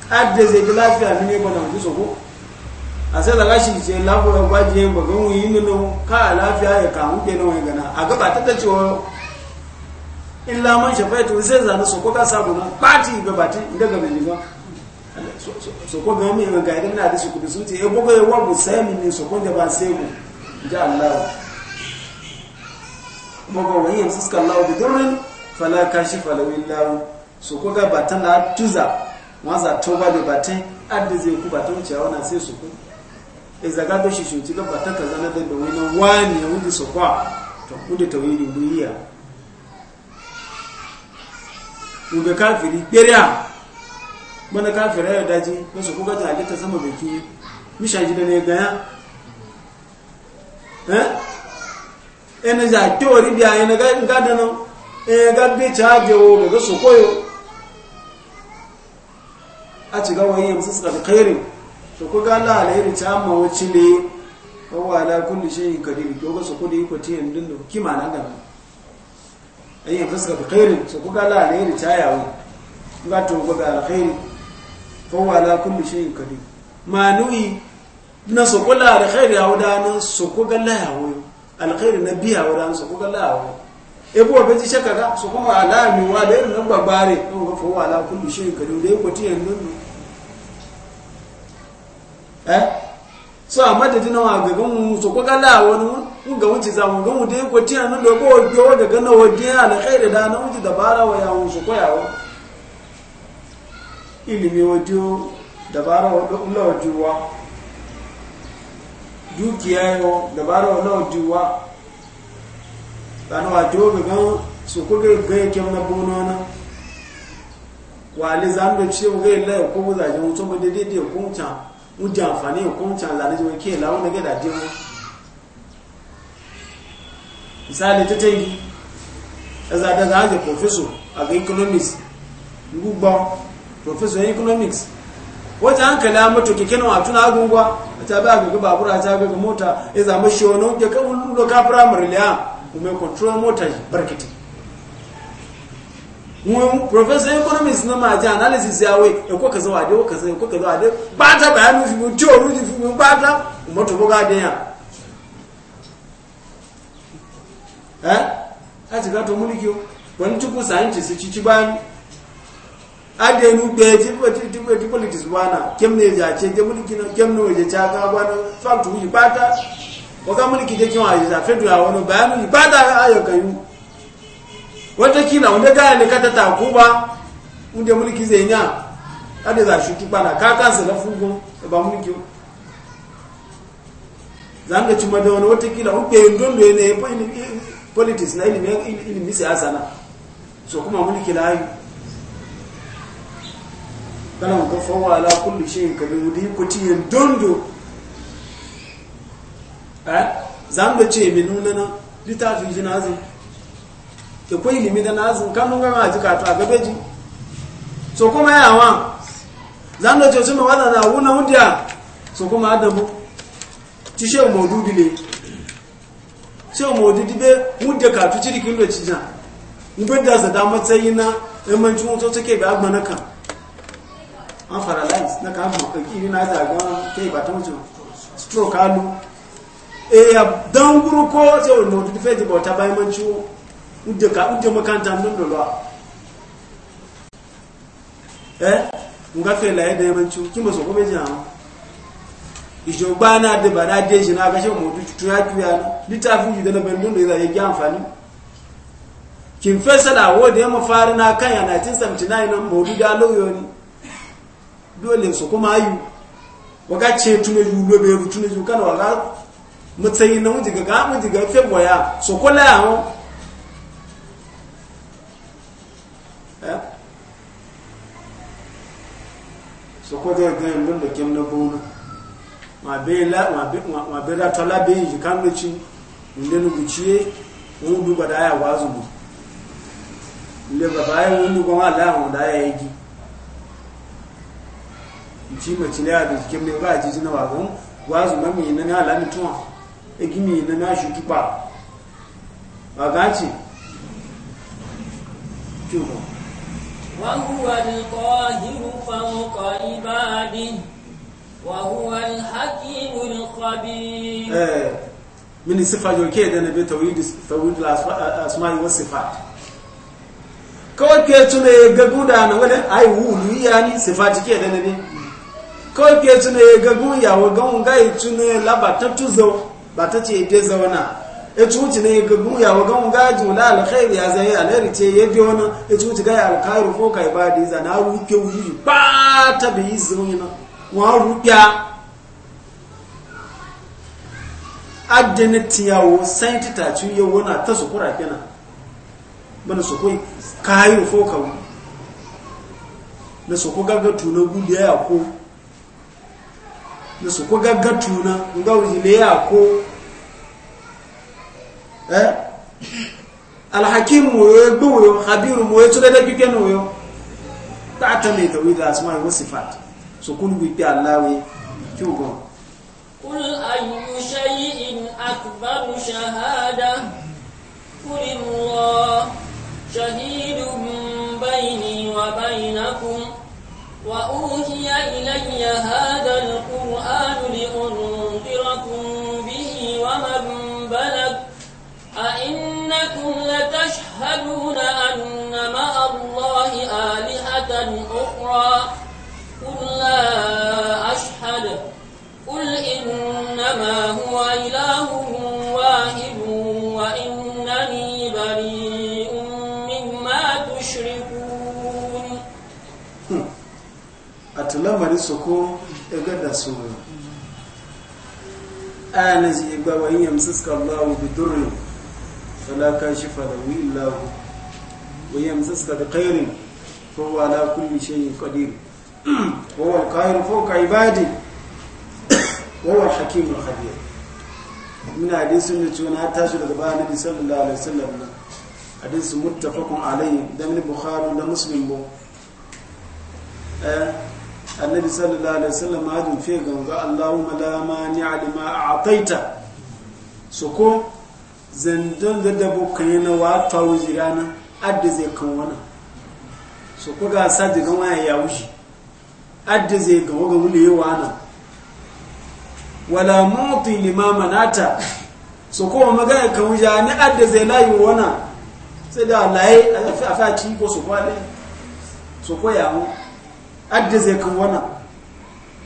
adda zai ga lafiya ne ba na wuce su ko sai da gashi ce lafura gwaji gwaje ba ga mu yin nuno ka lafiya ya ka mu ke nawa gana a gaba ta ta ciwo illa man shafaitu sai zanu so soko ka sabu na pati ga bati inda ga mai ga soko ga mi ga idan na da shi sun ce e eh, gogo ya bu sai min ne soko da ba sai mu ja Allah gogo wani yin suka Allah bi durin fala kashifa law illa soko ga batan na tuza waza toba da batin adda zai ku batun ciyawa na sai soko izaga da shi shuti ga bata kaza na da wani wani ya wuce su kwa to kudu tawhidi duniya ube kafiri beriya mana kafira ya daji na su kuka ta halitta sama bai kiyi mishan ji da ne gaya eh ene eh, za teori biya ene eh, ga ga da no e eh, ga bi cha je wo ga su koyo a ci ga wani yamsu suka da khairin so ko ga Allah alayhi ta amma wuci ne wa ala kulli shay'in kadir to ga so ko da tiyan din da kima nan ga ayi fasaka bi khairin so ko ga Allah alayhi ta yawo ga to ko ga alkhairi fa wa ala kulli shay'in kadir ma nu'i na so ko la alkhairi ya wada nan so ko ga Allah yawo alkhairi na biya wada da so ko ga Allah yawo ebo wa beji shaka ga so ko ala mi wa da irin nan babare to ga fa ala kulli shay'in kadir da iko tiyan din eh so a madadin wa gagan mu so ko gala wani mu ga wuce za mu ga mu dai ko tiya nan da ko na waje alkhairi da na wuce dabara wa yawun su ko yawo ilimi wajo dabara wa dabara wa dan wajo ko ga na bono na wali ga ko za ji dai dai ń jẹ àǹfààní nǹkan ń a lànà jẹ́ kí ìlàwọ́ nẹ́gẹ́ dàdí wọn ìsáàlẹ̀ tẹ́tẹ́ yìí ẹzà àdága ájẹ́ pọ̀fẹ́sọ̀ àgbẹ̀ economics gbogbo pọ̀fẹ́sọ̀ of economics wata hankali a mato keke náà àtúnà agungwa ta babura mota ya zama shi wani ya kan mai control mota mun professor economics na maji analysis yawe ekwa kaza wade ekwa kaza ekwa kaza wade bata bayanu fi mun to ruji fi mun bata umato boga de ya eh ati ga to muliki wani tuku ci ci ban ade nu be ti ko ti ti ko ti politics bana kem ne ja ce je muliki na kem no je cha ga bana fact wi bata ga muliki je wa ya wono watakila wanda gaya ne kata takuba wanda mulki zenya kada za shutu na ka kansa na fugo ba mulki zanga cima da wani watakila unde ndon do ne politics na ilimin ilimi siyasa na so kuma mulki layu kana ko fawa ala kulli shay'in kabir di kuti dondo eh zanga ce nuna na litafi jinazi da kwa ilimi da na zun kan nunga ma jika to aga beji so kuma ya wa zan da jojo wala na wuna hundiya so kuma adabu ti she mo du bile she mo du dibe hunde ka tu ciri kin do cija ngbe da za da matsayi na e man tun to take ba agba naka an fara lines na ka mo kiri na da ga kai ba tun jo stroke alu e ya dan guru ko je o no du fe di bota ba man uje ka uje makanta mun dolo eh nga fe la yede man chu kimo so ko be jam ijo bana de bara de jina ga shemu du tu ya tu ya litafu ju da ban dun da ya ga amfani kin da wo da mu fara na kan ya 1979 nan modu da loyo ni dole su kuma ayu waga ce tune ju lobe tune ju kana waga mutsayi na mu diga ga mu diga fe boya so kola ya Eh? so ko ga ga mun da kem na bono ma be la ma be ma be la tola be ji kan mu ci ne nu guciye mun du ba da ya wazu mu le ba ba mun du ko ala mun da ya yi ci ma ci la da kem ne ba ji na wa gon wazu ma mi na ala mi tuwa e gi mi na na shu ki ba ba ga ci وهو القاهر فوق عباده وهو الحكيم الخبير من الصفات يوكي دنا بتوحيد توحيد الاسماء والصفات kawai ke tuna ya ga gudana wani ai wulu ni sifati ke da nabi kawai ke tuna ya ga gunya wa ga mun ga tuna labata tuzo ba ta ce dai zauna ya ne ga guya wa gamu jula la alkhairi ya zai alheri ce ya bi wani ya cuci ga alkhairu ko kai ba da zana rufe yi ba ta bi zuwa na wa rufiya ya wo saint ta ci yawo na ta su kura kina bana su koi kai fo ka na su ko gaggatu tuna gudiya ya ko na su ko gaggatu tuna ngawu ne ya ko eh alhakim mu yo gbo yo khabir mu yo kike no yo ta ta ne da wida asma wa sifat so kun bi ta allah we kyugo qul ayyu shay'in akbaru shahada qul allah shahidun bayni wa bainakum wa أشهد أخرى قل لا أشهد قل إنما هو إله واحد وإنني بريء مما تشركون أتلم رسكو إغدا سورة أنا جيبا وإن يمسسك الله بدر فلا كاشف له إلا هو وإن يمسسك بخير فهو على كل شيء قدير وهو القاهر فوق عباده وهو الحكيم الخبير من حديث نتونا تاشر غبا النبي صلى الله عليه وسلم حديث متفق عليه ده من البخاري ولا مسلم بو النبي صلى الله عليه وسلم هذا في غنغا اللهم لا مانع لما اعطيت سكو زندن da bukan yana wa tawo jirana adda zai wannan so ko ga sa daga waya ya wuce adda zai ga waga wule yawa na wala mutu limama nata so ko magana ka wuja ni adda zai layi wana sai da laye a fa ci ko so kwa ne so ko ya mu adda zai kan wana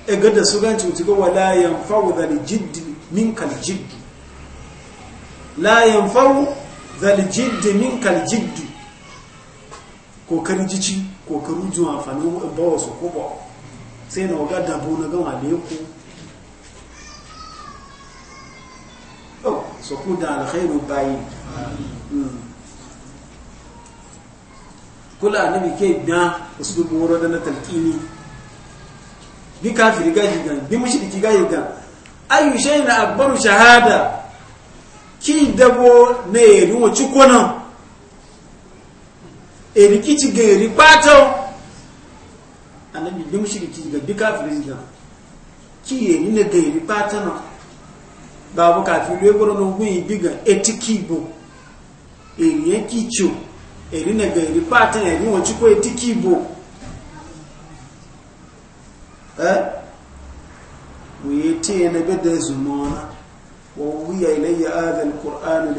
e ga da su ganci ci ga wala yanfa'u da jiddi kal jiddi la yanfa'u dhal min kal jiddi kokarin jici kokarin juwa amfanin bawa su ko ba sai na waga dabo na gama da yanku oh so ku da alkhairu bayi hmm. kula ne annabi ke da uslubin wuro da na talqini bi kafiri gaji gan bi mushriki gaji gan ayu shayna akbaru shahada ki dabo ne ruwa cikonan eri kici ga eri pato annabi dim shi kici ga duka firin ga ki eri ne ga eri pato no babu kafi le goro no etikibo eri eri ne ga eri pato eri won ci ko etikibo eh ويتي نبدا زمانا ووهي إلي هذا القرآن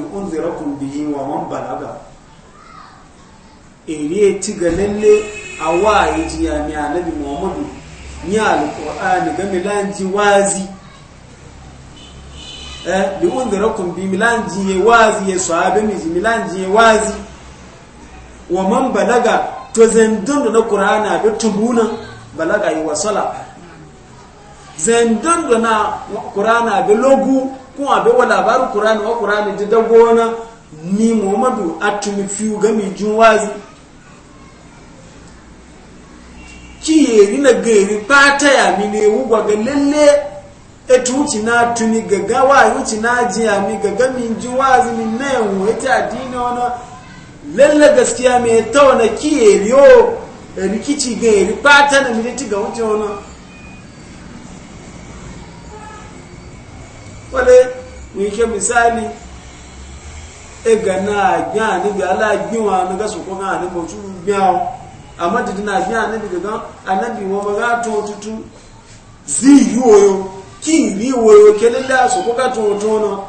eriye ci ga lalle a waye ji ya mi annabi muhammadu ni alqur'ani ga milan milanji wazi eh li unzirakum bi milanji ye wazi ye sahabe mi milanji ye wazi wa man balaga to zandun na qur'ana da tubuna balaga yi wasala zandun da na qur'ana da logu ko abe wa labarin qur'ani wa qur'ani da dagona ni muhammadu atumi fiu ga mi jun wazi ki yeri na gari fata ya mini wugwa ga lalle etu uci na tuni gaga wa na ji ya mi gaga min ji wa zini na yawo ita addini wani lalle gaskiya mai ta na ki yeri yo rikici ga yeri fata na miniti ga wuce wani wale wike misali e gana gbe ni ala gbin wa na gasu ko ga ni mo awon amma da dina biya annabi gaga annabi wa maga to tutu zi yoyo ki ni woyo kelilla so ko ka to to no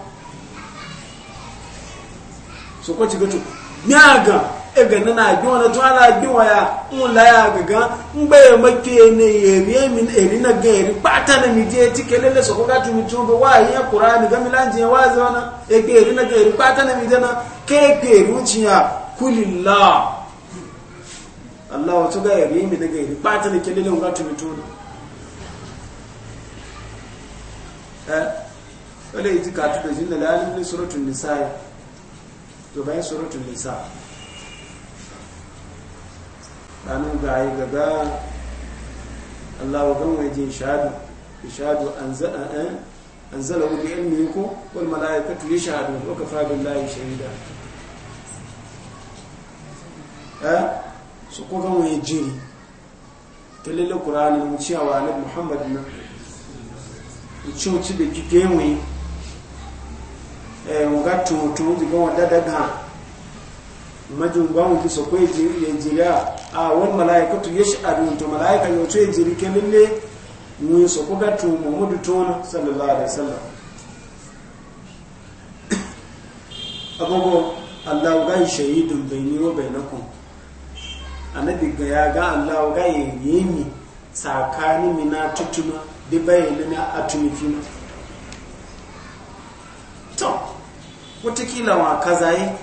so ko tiga to nyaga e ga na bi wona to ala bi waya un la ya gaga mbe make ne ye bi min eri e na ga eri pata na mi je ti kelilla so ko ka to mi to bo wa ya qur'ani ga mi lanje wa zona e eri e na ga eri pata na mi je na ke ke ruciya e kulillah Allah wato ga yabi mi daga yabi ba ta ne kelele ga tubi tuna eh wala yi ka tubi jinna lalim ne suratul nisa to bayan suratul nisa anu ga yi gaga Allah wa gan waje shahadu shahadu eh, anzala anzala bi ilmihi ko wal malaikatu yashhadu wa kafa billahi shahida eh su ko gan waye jiri to lele qur'ani mu ci wa nabi muhammad na mu ci ci be kike mu mu ga to to ji gan wada daga majun ba mu ki so ko jiri ya jira a wal malaikatu yash'adun to malaika yo to jiri ke lele mu so ko ga to mu mudu to sallallahu alaihi wasallam agogo Allah ga shahidun bayni wa bainakum annabi ga ya ga Allah ga yayi mi tsakani mi na tutuma da bayyana na atumiki na to watakila wa kazaye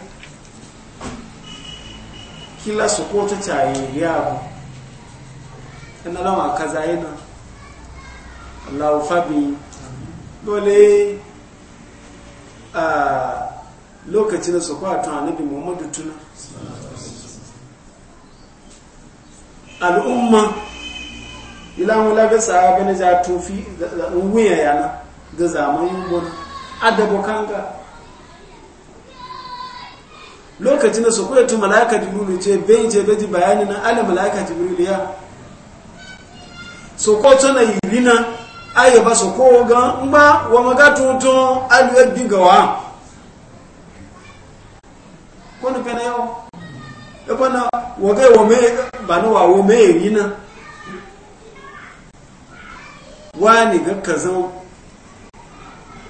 kila su ko ta caye ya abu ina lawa kazaye na Allah fabi dole a ah, lokacin da su kwa tun annabi Muhammadu tuna al'umma ilan wula ga sahaba na ja tofi wuya yana da zamanin gudu adabo kanga lokacin da su kuwa tu malaka jibiru ce bai ce bai bayani na ala malaka jibiru ya so ko tana yirina aye ba su kowa ga mba wa maga tuntun aliyar digawa Kone ni yau ebona wage wome bana wa wome yina wani ga kaza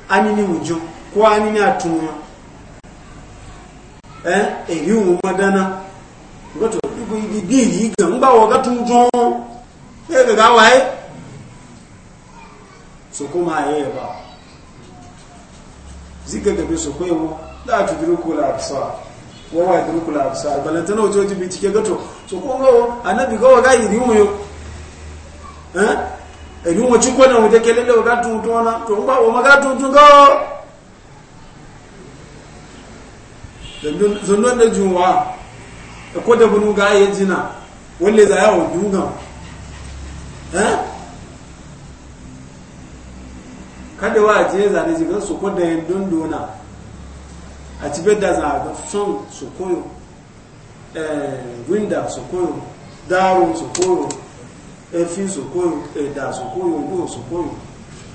anini wujo ko anini atunya eh eri mu madana goto ibu idi yi ga ngba eh, wa ga tunjo e ga wai so kuma ye ba zika ga bi so e da tudruku la absar wa wa yadrukul absar balantana wajoji bincike gato so kun ga annabi ga waga yiri mu yo eh eri mu ci kona kelele dake lele waga tuntuna to ba wa maga tuntun ga dan zan da juwa ko da bunu ga yayin jina walle za ya wudu ga eh kada wa je zane jigan su ko da dunduna a ci eh, da a son su koyo winda su koyo darun su koyo ɛda su koyo da su koyo do su koyo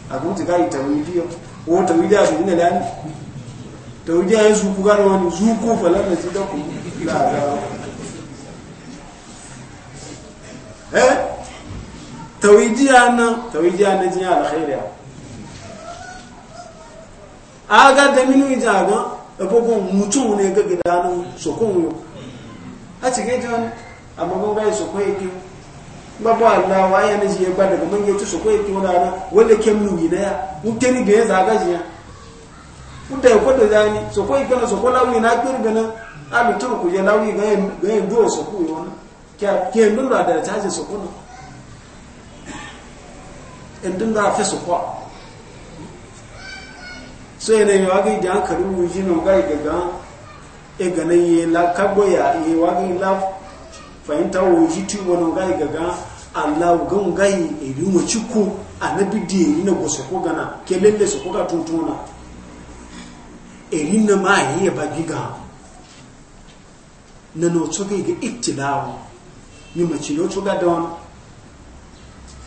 a kun eh? ti kai tawiliya o tawiliya su ne lani tawiliya yin su ku gano wani su ko falan da su da ku la ga eh tawiliya na tawiliya na jin alkhairiya aga da minu ijaga ɗafafon mutum ne ga gidanun sokun yau a ke jan amma mun gai sokun yake babu wa ya ba daga mun yace sokun yake wala na yi na ya mutani da ya zaga jiya kuda ya kwada na na kiri ga ga na ke ke nuna da ta so yana yi wagi da hankali mu ji no ga gaga e gana yi la kagbo ya yi wagi la fahimta wo ji ti wono ga gaga Allah ga ga yi e ri mu chiku anabi di e yi na go se ko gana kelele se ko ga tuntuna e ri ma yi e ya ba giga na no to ga ga ittilawo ni ma ci no to ga don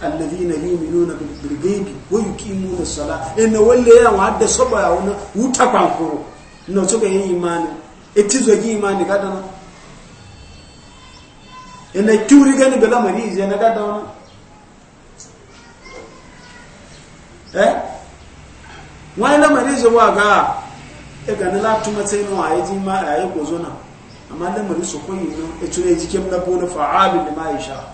الذين يؤمنون بالغيب ويقيمون الصلاة إن ولا وعد صبا ونا وتقان كرو نتوقع إيمان اتزوج إيمان كذا إن توري كان بلا مريض أنا كذا eh wani lamari zuwa ga ga na latuma sai na waye ma a yi gozo na amma lamari su koyi nan ya tuna na ma sha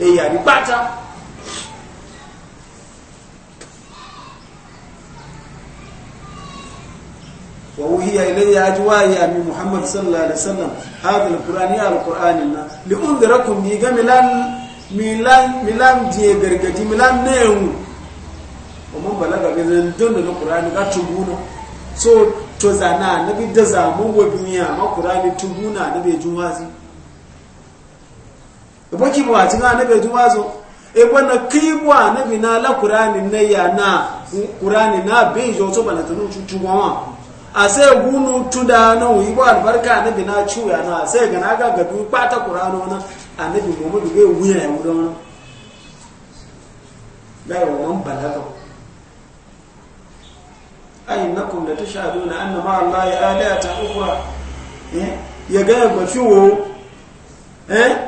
èyí àbí pátá wàhúhíyà ilé ya ajú wáyé àmì muhammad sallallahu alaihi sallam haɗin alkur'ani alkur'ani na lè'un da rakun ga milan jiye gargadi milan na yanwu wọn balaga ga zan don da alkur'ani ga tubuna so to na bi da zamu wa duniya ma alkur'ani tubuna na bai juwazi baki bu a cikin annabi juma na la qur'ani na ya na qur'ani na be to bana tunu cucu goma a sai gunu na wi bu albarka na na ga na ga pata qur'ano na annabi muhammadu be wuya ya wuda wannan nakum la anna ma allahi eh, ya ga ba fiwo eh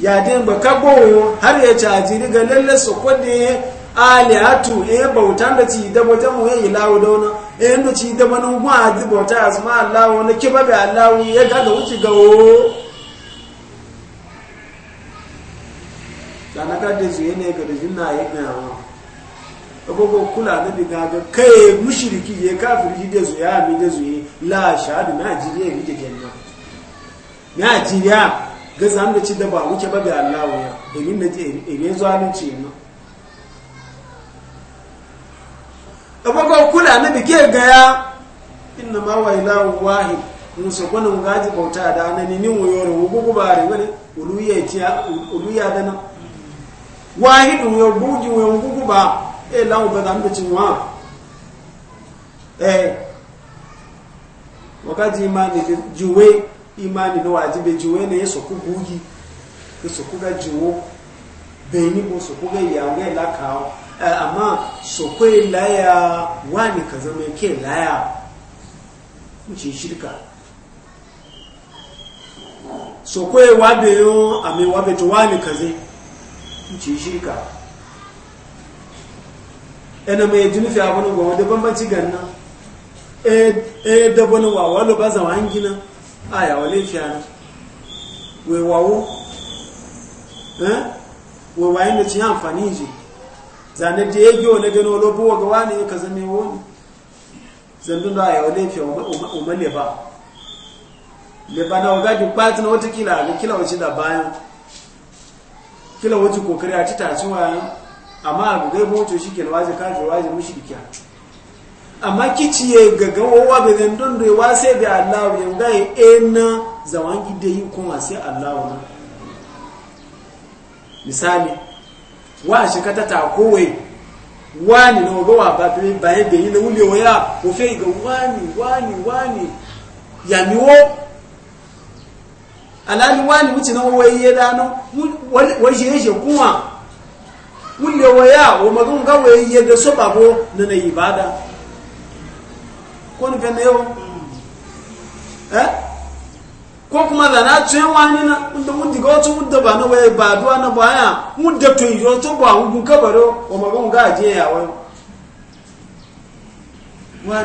ya din ba ka har ya caji ni ga lalle su kudi aliyatu e bauta da ci da bauta mu e yi lawo da wani e da ci da na mu a ji bauta asma Allah na kiba bi Allah ya ga da wuce ga wo kana ka da zuye ne ga da jinna ya na wa abubuwa kula da diga ga kai mushiriki ya ji da zuya mi da zuye la shahadu na jiriya yi da janna na jiriya ga zan da ci da ba wuce ba ga Allah ya domin da ce ebe ne abaga kula na bike ga gaya inna ma wa musu gwanin gaji bauta da wuyoro wani uluya ce uluya da nan eh, ba e ci eh wakati juwe imani na wajibe jiwe ne yeso kugugi yeso kuga jiwo beni bo so kuga yange la kawo eh, ama so kwe laya wani ka zama ke laya mucin shirka so kwe wabe yo ame wabe to wani ka zai mucin shirka ena mai junufi abin gwa wadda bambanci ganna e eh, eh, dabonin wa walo ba zama hangina aya wale we wewawo eh? wewayen da ci amfani ji zane da ya gyo na gano lobo ga wani ya ka zame wani zandun da aya wale fiya ba le leba na ju duk batin watakila ga kila wace da bayan kila wace kokari a ci tacin wayan amma ga gugai to shi ke na waje kafin waje mushi kiya amma kici ya gaga wawa be zan don da wa sai da Allah ya ga ya na zaman gida yi kuma sai Allah na misali wa shi kata ta kowai wani na ga wa ba bai bai bai na wule waya ko fe ga wani wani wani ya miwo alali wani wuce na wai ya dano wai shi shi kuma wule waya wa magun ga wai ya da so babo na na ibada ko ni eh kuma da na tun na da diga ba na ba duwa na baya mun da tun ba mun kabaro o ma ga je ya wayo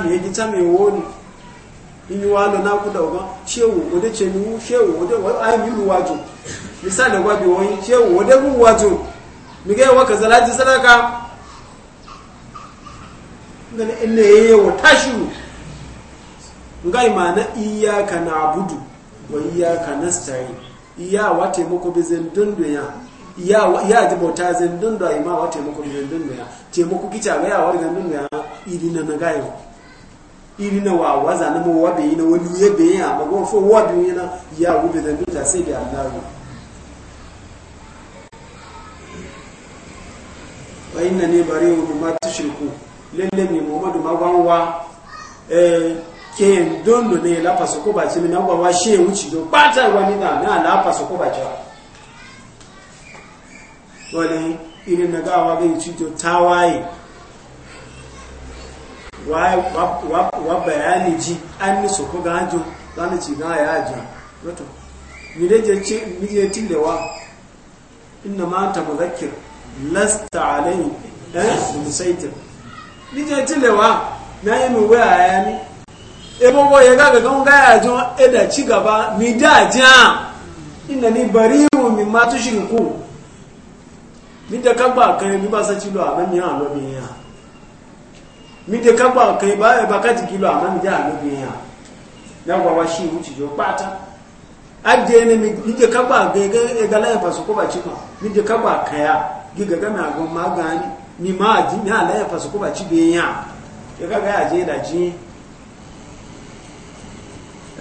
yaji ta me woni inyi wa na ku da ogan shewu o de shewu o de ai mi ru misali bi shewu o de wa ene ngai mana iyaka na abudu wa iya iyaka nasta'in iya wa taimako bizin dundunya iya ya ji bauta zin dundu ai ma wa taimako bizin dundunya taimako kica ga wa bizin dundunya iri na iri na wa waza na mu wabe na wani yabe ya ba go fo wabe ina ya wu bizin dundunya sai da Allah wa inna ne ni bari'u bima tushriku lalle ni muhammadu magwanwa eh ke dondo ne lafa su kuba ci mina wa she wuce do bata wani na na lafa su ba ci wani irin na gawa ga yi cito waye wa bayani ji an ni ga kuga za ni ci na ya ajo wato nije tilewa inda ma ta muzakir lasta alayhi eh musaitir nije tilewa na yi mu waya ya ni ebogo ya gaga gan gaya jin eda ci gaba mi da ja ina ni bari mu mi ma tu shin ku mi da ka ba kan mi ba sa ci lo amma mi ha lo mi ya mi da ka ba kan ba ba ka ti kilo amma mi da lo mi ya na gwa wa shi mu ci jo pata aje ne mi da ka ba ga e ga la ba su ko ba ci ko mi da ka ba kaya giga ga na gon ma ga ni ni ma ji ni ala ya fa su ko ba ci be ya ya ga ga aje da ji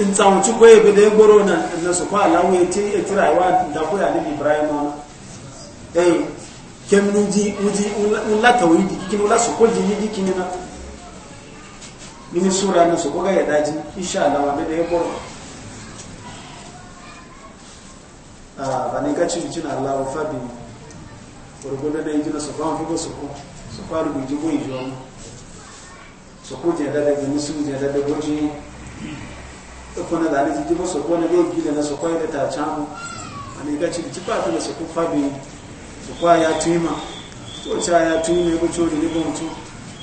in tsawanci kwaye bi da ya goro na na kwa alamu ya ce ya tira yawa da koya ne ibrahim wani eh kem nuji nuji ula tawidi kin ula su koji ni dikin na mini sura na su koga ya daji insha Allah wa da ya goro ah ba ne ga ci jin Allah fa bi gurgudu da na su kwan fugo su ko su kwa rubuji boyi jo su ko je da da musu je da da goji sokona da ne jibo sokona ge gile na sokoi da ta chamu ani ga ci ci pata na sokon fabi sokwa ya tima to cha ya tima ko chori ni bon tu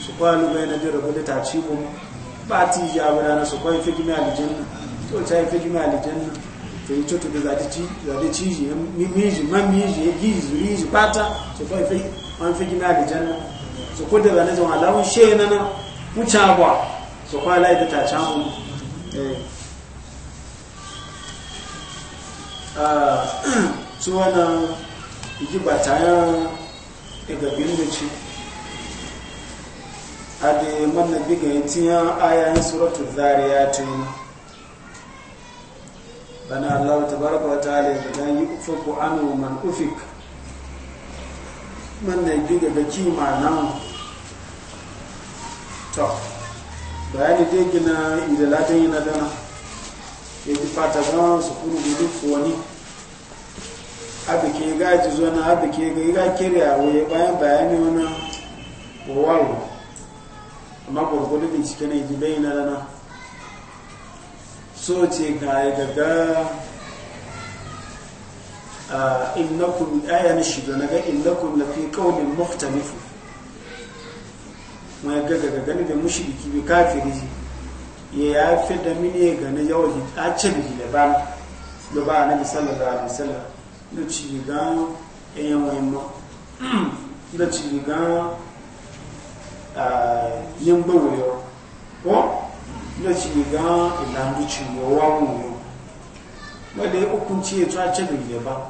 sokwa lu bai na dira bole ta ci bon pati ya wara na sokoi fi ali jenna to cha fi gimi aljanna to yi to to da ti ci da ti ci ji mi mi ji ma mi ji gi zuri ji pata sokoi fi an fi gimi aljanna sokon da ne zama lawun she na na mutaba sokwa lai da ta chamu eh Ah, tsuwa na igiba ta yan daga da ci a da manna biga ya tiya ayayen suratul zariya ta yi bana allah ta baraka wa ta'ala ya zaga yi ufaku anu man ufik manna biga ga kima nan to bayani dai gina idalatan yi na dana ebi fata su sukuru gudu wani abike ga ji zo na abike ga ga kirya waye bayan bayani wani wawo amma gwargwado cike ne ji bayyana rana so ce ga ya gaga innakum aya na shiga na ga innakum na fi qawlin mukhtalif mai ga ga ga ne da mushi bi kafiri ya ya fi da mini ga na yawon ji a ce bi ba da ba na bi sallallahu alaihi da ci ga yan wayan ma da ci ga yin bawo ko da ci ga ilan duci yo wa mu yo ya hukunci ya tsace da gida ba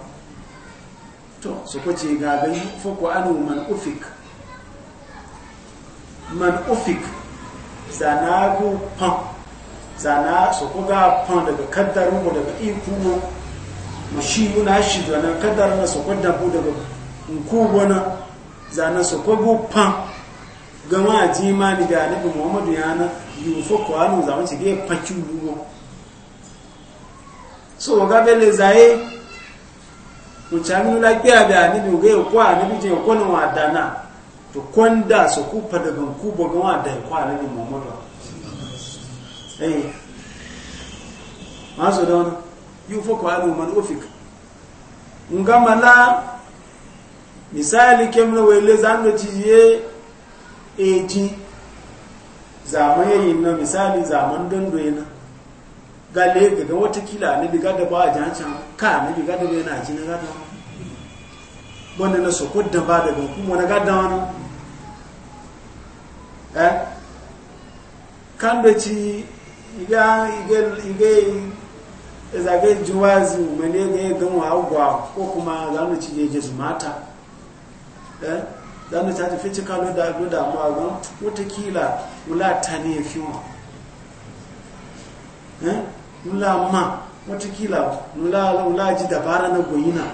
to su kwace ci ga ga fa anu man ufik man ufik zanagu pam zana su kuga fan daga kaddarin mu daga iku mu mu shi yuna shi zana kaddarin na su kwadda bu daga nku wani zana su kwago fan gama a ji ma ni ga alibi muhammadu yana yufo kwanu zama ci ge faki ruwa so waga bele zaye mu caminu la gbe da alibi ge ko alibi je ko ni wa dana to kwanda su kufa daga nku bo gama da ko alibi muhammadu eh masu da wani yi ufoku hannu man ofik ngama la misali kemna wele zando ciye eji zaman yayin na misali zaman dondo na gale gaga watakila na biga da ba a jancan ka na biga da bai na ji na gada wanda na so kodda ba daga kuma na gada wani eh kan da ci iga zage juwazi mene ga ya gama agwa ko kuma za zanu ci je su mata eh zanu ta tafi cika lo da lo da mu agun wataƙila mula ta ne fi wa eh mula ma wataƙila mula mula ji dabara na goyina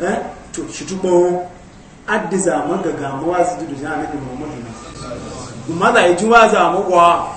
eh to shi tubo addiza magaga mawazi da jami'in Muhammadu na mala ji waza mu kwa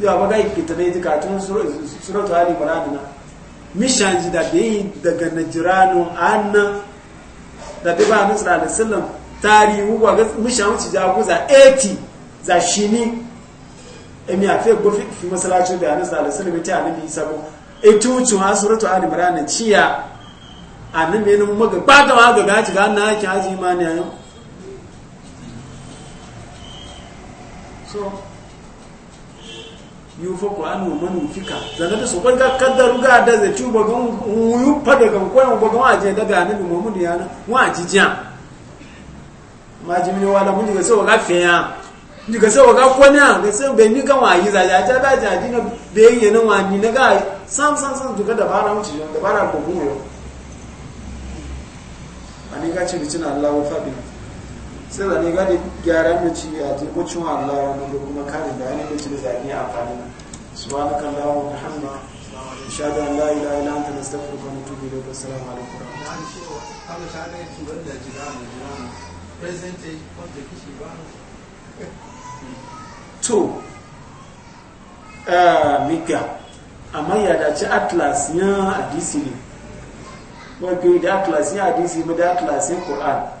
yawa ba gai kita ne jika tun suratu ali imran na mishan ji da bai daga najiranu annan da bai ba nasu da alisallam tarihu wa ga mishan wuce ja guza 80 za shi ni emi a fe gofi fi masalacin da nasu da alisallam ta annabi isa ko ita wucin ha suratu ali imran ciya annabi ne mu maga ba ga ga ga ci ga na haki haji imani ayo so yufa qur'anu man fika zanda da sokon ga kaddaru ga da zai tuba ga uyu fada ga ko yan gogon aje da da annabi muhammadu ya na aji jijiya ma jimini wala mun ga sai ga fiya ni ga sai ga ko na ga sai bai ni ga wayi za ja ta da ja dina bai yi na wani na ga sam sam sam duka da bara mutu da bara gogo ani ga ci bicin Allah wa fadin sai zane gadi gyara mace a tekucin Allah wani da kuma karin da yana mace da zane a fadin subhanaka Allahu wa bihamdika ashhadu an la ilaha illa anta da wa atubu ilayk assalamu alaikum wa rahmatullahi wa barakatuh to eh mika amma ya dace atlas ya hadisi ne wato da atlas ya hadisi ma da atlas ya qur'an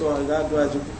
sua do aji